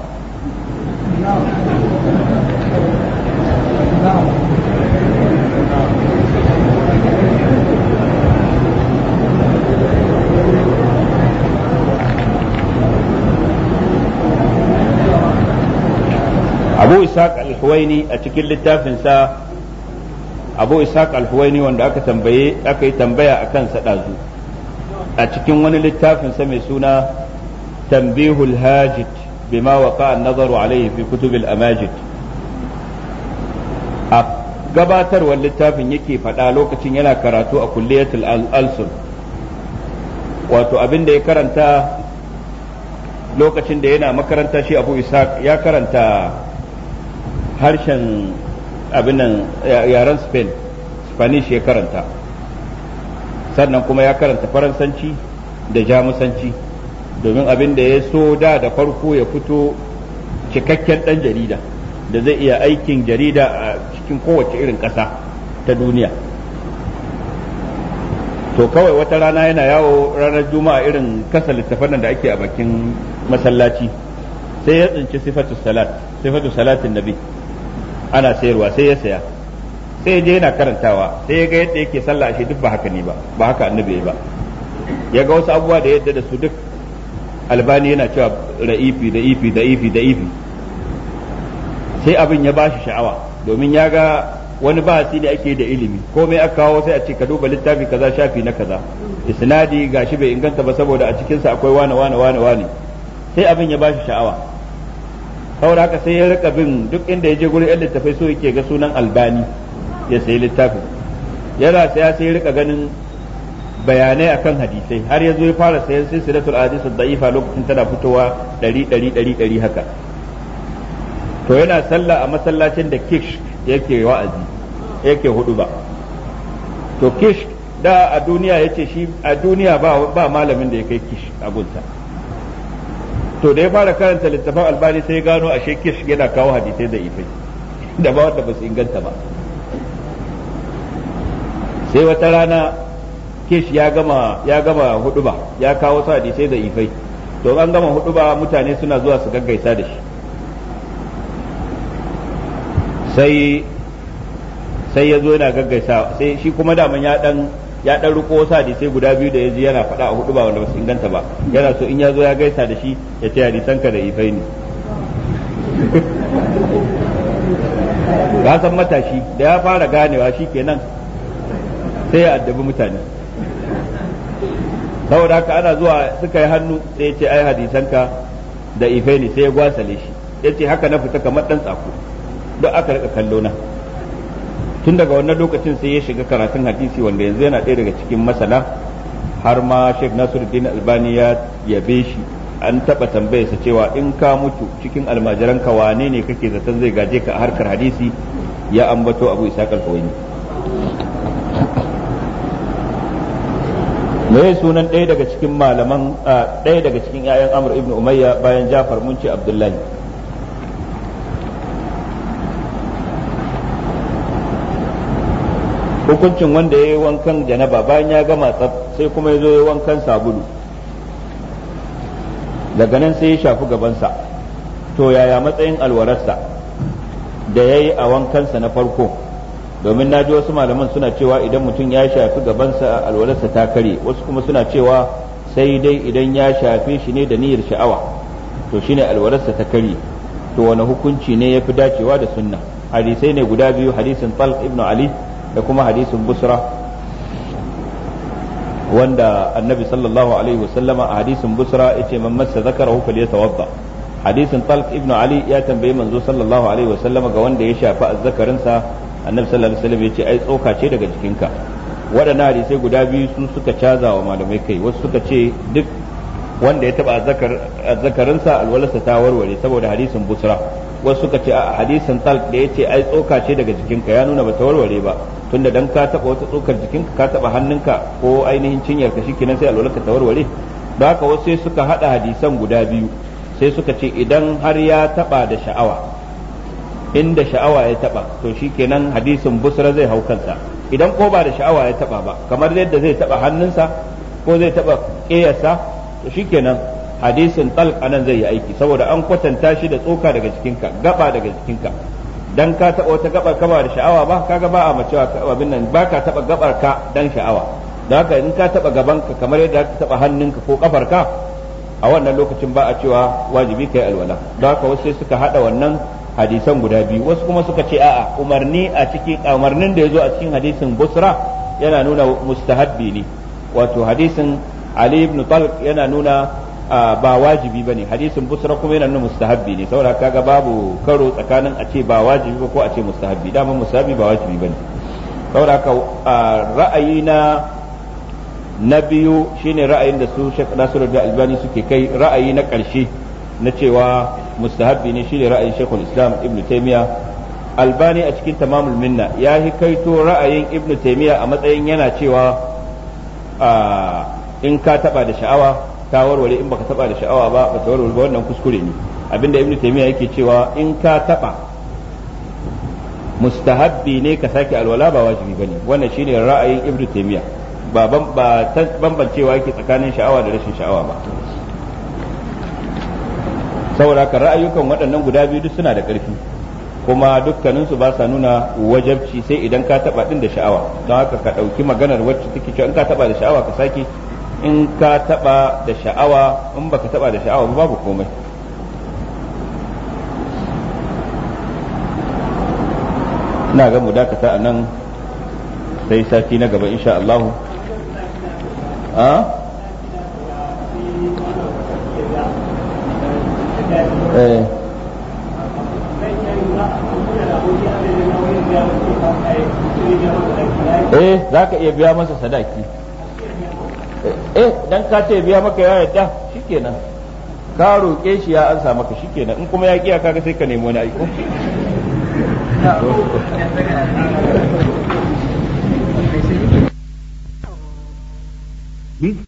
abu ishaq al-huwaini a cikin littafinsa abu ishaq al-huwaini wanda aka tambaye aka yi tambaya akan sa a cikin wani littafinsa mai suna tanbihul hajit bima waqa an-nazaru alayhi fi kutubil amajid a gabatarwar littafin yake faɗa lokacin yana karatu a kulliyatul al-alsun wato abin da ya karanta lokacin da yana makaranta shi abu ishaq ya karanta harshen abinan yaren spain spanish ya karanta sannan kuma ya karanta faransanci da jamusanci domin abin da ya so da da farko ya fito cikakken ɗan jarida da zai iya aikin jarida a cikin kowace irin ƙasa ta duniya to kawai wata rana yana yawo ranar juma'a irin kasa littafan da ake a bakin masallaci sai ya tsinci sifatu salat sifatu salatin nabi ana sayarwa sai ya saya sai ya je yana karantawa sai ya ga yadda yake sallah shi duk ba haka ne ba ba haka annabi ba ya ga wasu abubuwa da yadda da su duk albani yana cewa ra'ifi da ifi da ifi da ifi sai abin ya bashi sha'awa domin ya ga wani shi da ake da ilimi komai aka kawo sai a ce ka duba littafi kaza shafi na kaza isnadi gashi bai inganta ba saboda a cikin akwai wane wane wane wane sai abin ya bashi sha'awa saboda haka sai ya rika bin duk inda ya je gurin yan littafai so yake ga sunan albani ya sayi littafin yana saya sai ya rika ganin bayanai akan hadisai har ya zo ya fara sayan silsilatul ahadith da'ifa lokacin tana fitowa ɗari ɗari ɗari ɗari haka to yana sallah a masallacin da kish yake wa'azi yake hudu ba to kish da a duniya yace shi a duniya ba malamin da ya kai kish a gunsa to da ya fara karanta littafin albani sai ya gano ashe kish yana kawo hadisai da ifai da ba wanda ba su inganta ba sai wata rana kish ya gama ya gama huduba ya kawo su hadisai da ifai to an gama huduba mutane suna zuwa su gaggaisa da shi sai sai ya zo yana gaggaisa sai shi kuma daman ya dan ya dan riko da sai guda biyu da yaji yana faɗa a hudu ba wanda ba su inganta ba yana so in ya zo ya gaisa da shi ya ce hadisan ka da ifai ne ka san matashi da ya fara ganewa shi kenan sai ya addabi mutane saboda haka ana zuwa suka yi hannu sai ya ce ai hadisan ka da ifai ne sai ya gwasale shi ya ce haka na fita kamar dan tsako don aka rika kallo na tun daga wannan lokacin sai ya shiga karatun hadisi wanda yanzu yana ɗaya daga cikin masana har ma Sheikh Nasiruddin Albani ya yabe shi an taɓa tambayarsa cewa in ka mutu cikin almajiran ka wane ne kake zaton zai gaje ka a harkar hadisi ya ambato Abu Isa Kalfawaini me sunan ɗaya daga cikin malaman ɗaya daga cikin 'ya'yan amur ibn Umayya bayan Jafar mun ce Abdullahi hukuncin wanda ya yi wankan janaba bayan ya gama tsaf sai kuma ya zo ya wankan sabulu daga nan sai ya shafi gabansa to yaya matsayin alwararsa da ya yi a wankansa na farko domin na ji wasu malaman suna cewa idan mutum ya shafi gabansa alwararsa ta kare wasu kuma suna cewa sai dai idan ya shafi shi ne da niyyar sha'awa to shine alwararsa ta kare to wani hukunci ne ya fi dacewa da sunna hadisai ne guda biyu hadisin talq ibn ali da kuma hadisin busra wanda annabi sallallahu alaihi wasallama a hadisin busra ya yace man massa ya falyatawadda hadisin talq ibnu ali ya tambayi manzo sallallahu alaihi wasallama ga wanda ya shafa sa annabi sallallahu alaihi wasallam yace ai tsoka ce daga jikinka waɗannan hadisai guda biyu su suka caza wa malamai kai wasu suka ce duk wanda ya taba zakarinsa alwalarsa ta warware saboda hadisin busra wasu suka ce a hadisin talq da ce ai tsoka ce daga jikinka ya nuna bata warware ba tunda dan ka taba wata tsokar jikinka ka taba hannunka ko ainihin cinyarka shikenan sai alwalarka ta warware da haka wasu suka hada hadisan guda biyu sai suka ce idan har ya taba da sha'awa inda sha'awa ya taba to shikenan hadisin busra zai hau kansa idan ko ba da sha'awa ya taba ba kamar yadda zai taba hannunsa ko zai taba ƙeyarsa to shikenan hadisin talq anan zai yi aiki saboda an kwatanta shi da tsoka daga ka gaba daga ka dan ka taba wata gaba kama da sha'awa ba kaga ba a macewa abin nan ba ka taba gabar ka dan sha'awa da haka in ka taba gaban ka kamar yadda ka taba ka ko kafar ka a wannan lokacin ba a cewa wajibi kai alwala da haka wasu suka hada wannan hadisan guda biyu wasu kuma suka ce a'a umarni a cikin umarnin da yazo a cikin hadisin busra yana nuna mustahabbi ne wato hadisin ali ibn talq yana nuna ba wajibi bane hadisin busra kuma yana nuna mustahabbi ne saboda kaga babu karo tsakanin a ce ba wajibi ba ko a ce mustahabbi dama mustahabbi ba wajibi bane saboda ka ra'ayi na biyu shine ra'ayin da su Sheikh Nasiruddin Albani suke kai ra'ayi na ƙarshe na cewa mustahabbi ne shine ra'ayin Sheikhul Islam Ibn Taymiyyah Albani a cikin Tamamul Minna ya yi kaito ra'ayin Ibn Taymiyyah a matsayin yana cewa in ka taba da sha'awa ka warware in baka taba da sha'awa ba ba ta warware ba wannan kuskure ne abinda ibnu taymiya yake cewa in ka taba mustahabbi ne ka sake alwala ba wajibi bane wannan shine ra'ayin ibnu taymiya ba ba bambancewa yake tsakanin sha'awa da rashin sha'awa ba saboda ka ra'ayukan waɗannan guda biyu duk suna da ƙarfi kuma dukkaninsu ba sa nuna wajabci sai idan ka taba din da sha'awa don haka ka ɗauki maganar wacce take cewa in ka taba da sha'awa ka sake in ka taba da sha'awa in baka taba da sha'awa babu komai ina ga mu dakata a nan sai sati na gaba insha Allah a eh eh za ka iya biya masa sadaki eh dan ka ce biya maka ya yadda shikenan ka roƙe shi ya ansa maka shikenan in kuma ya kiya kaga sai ka nemi wani aiko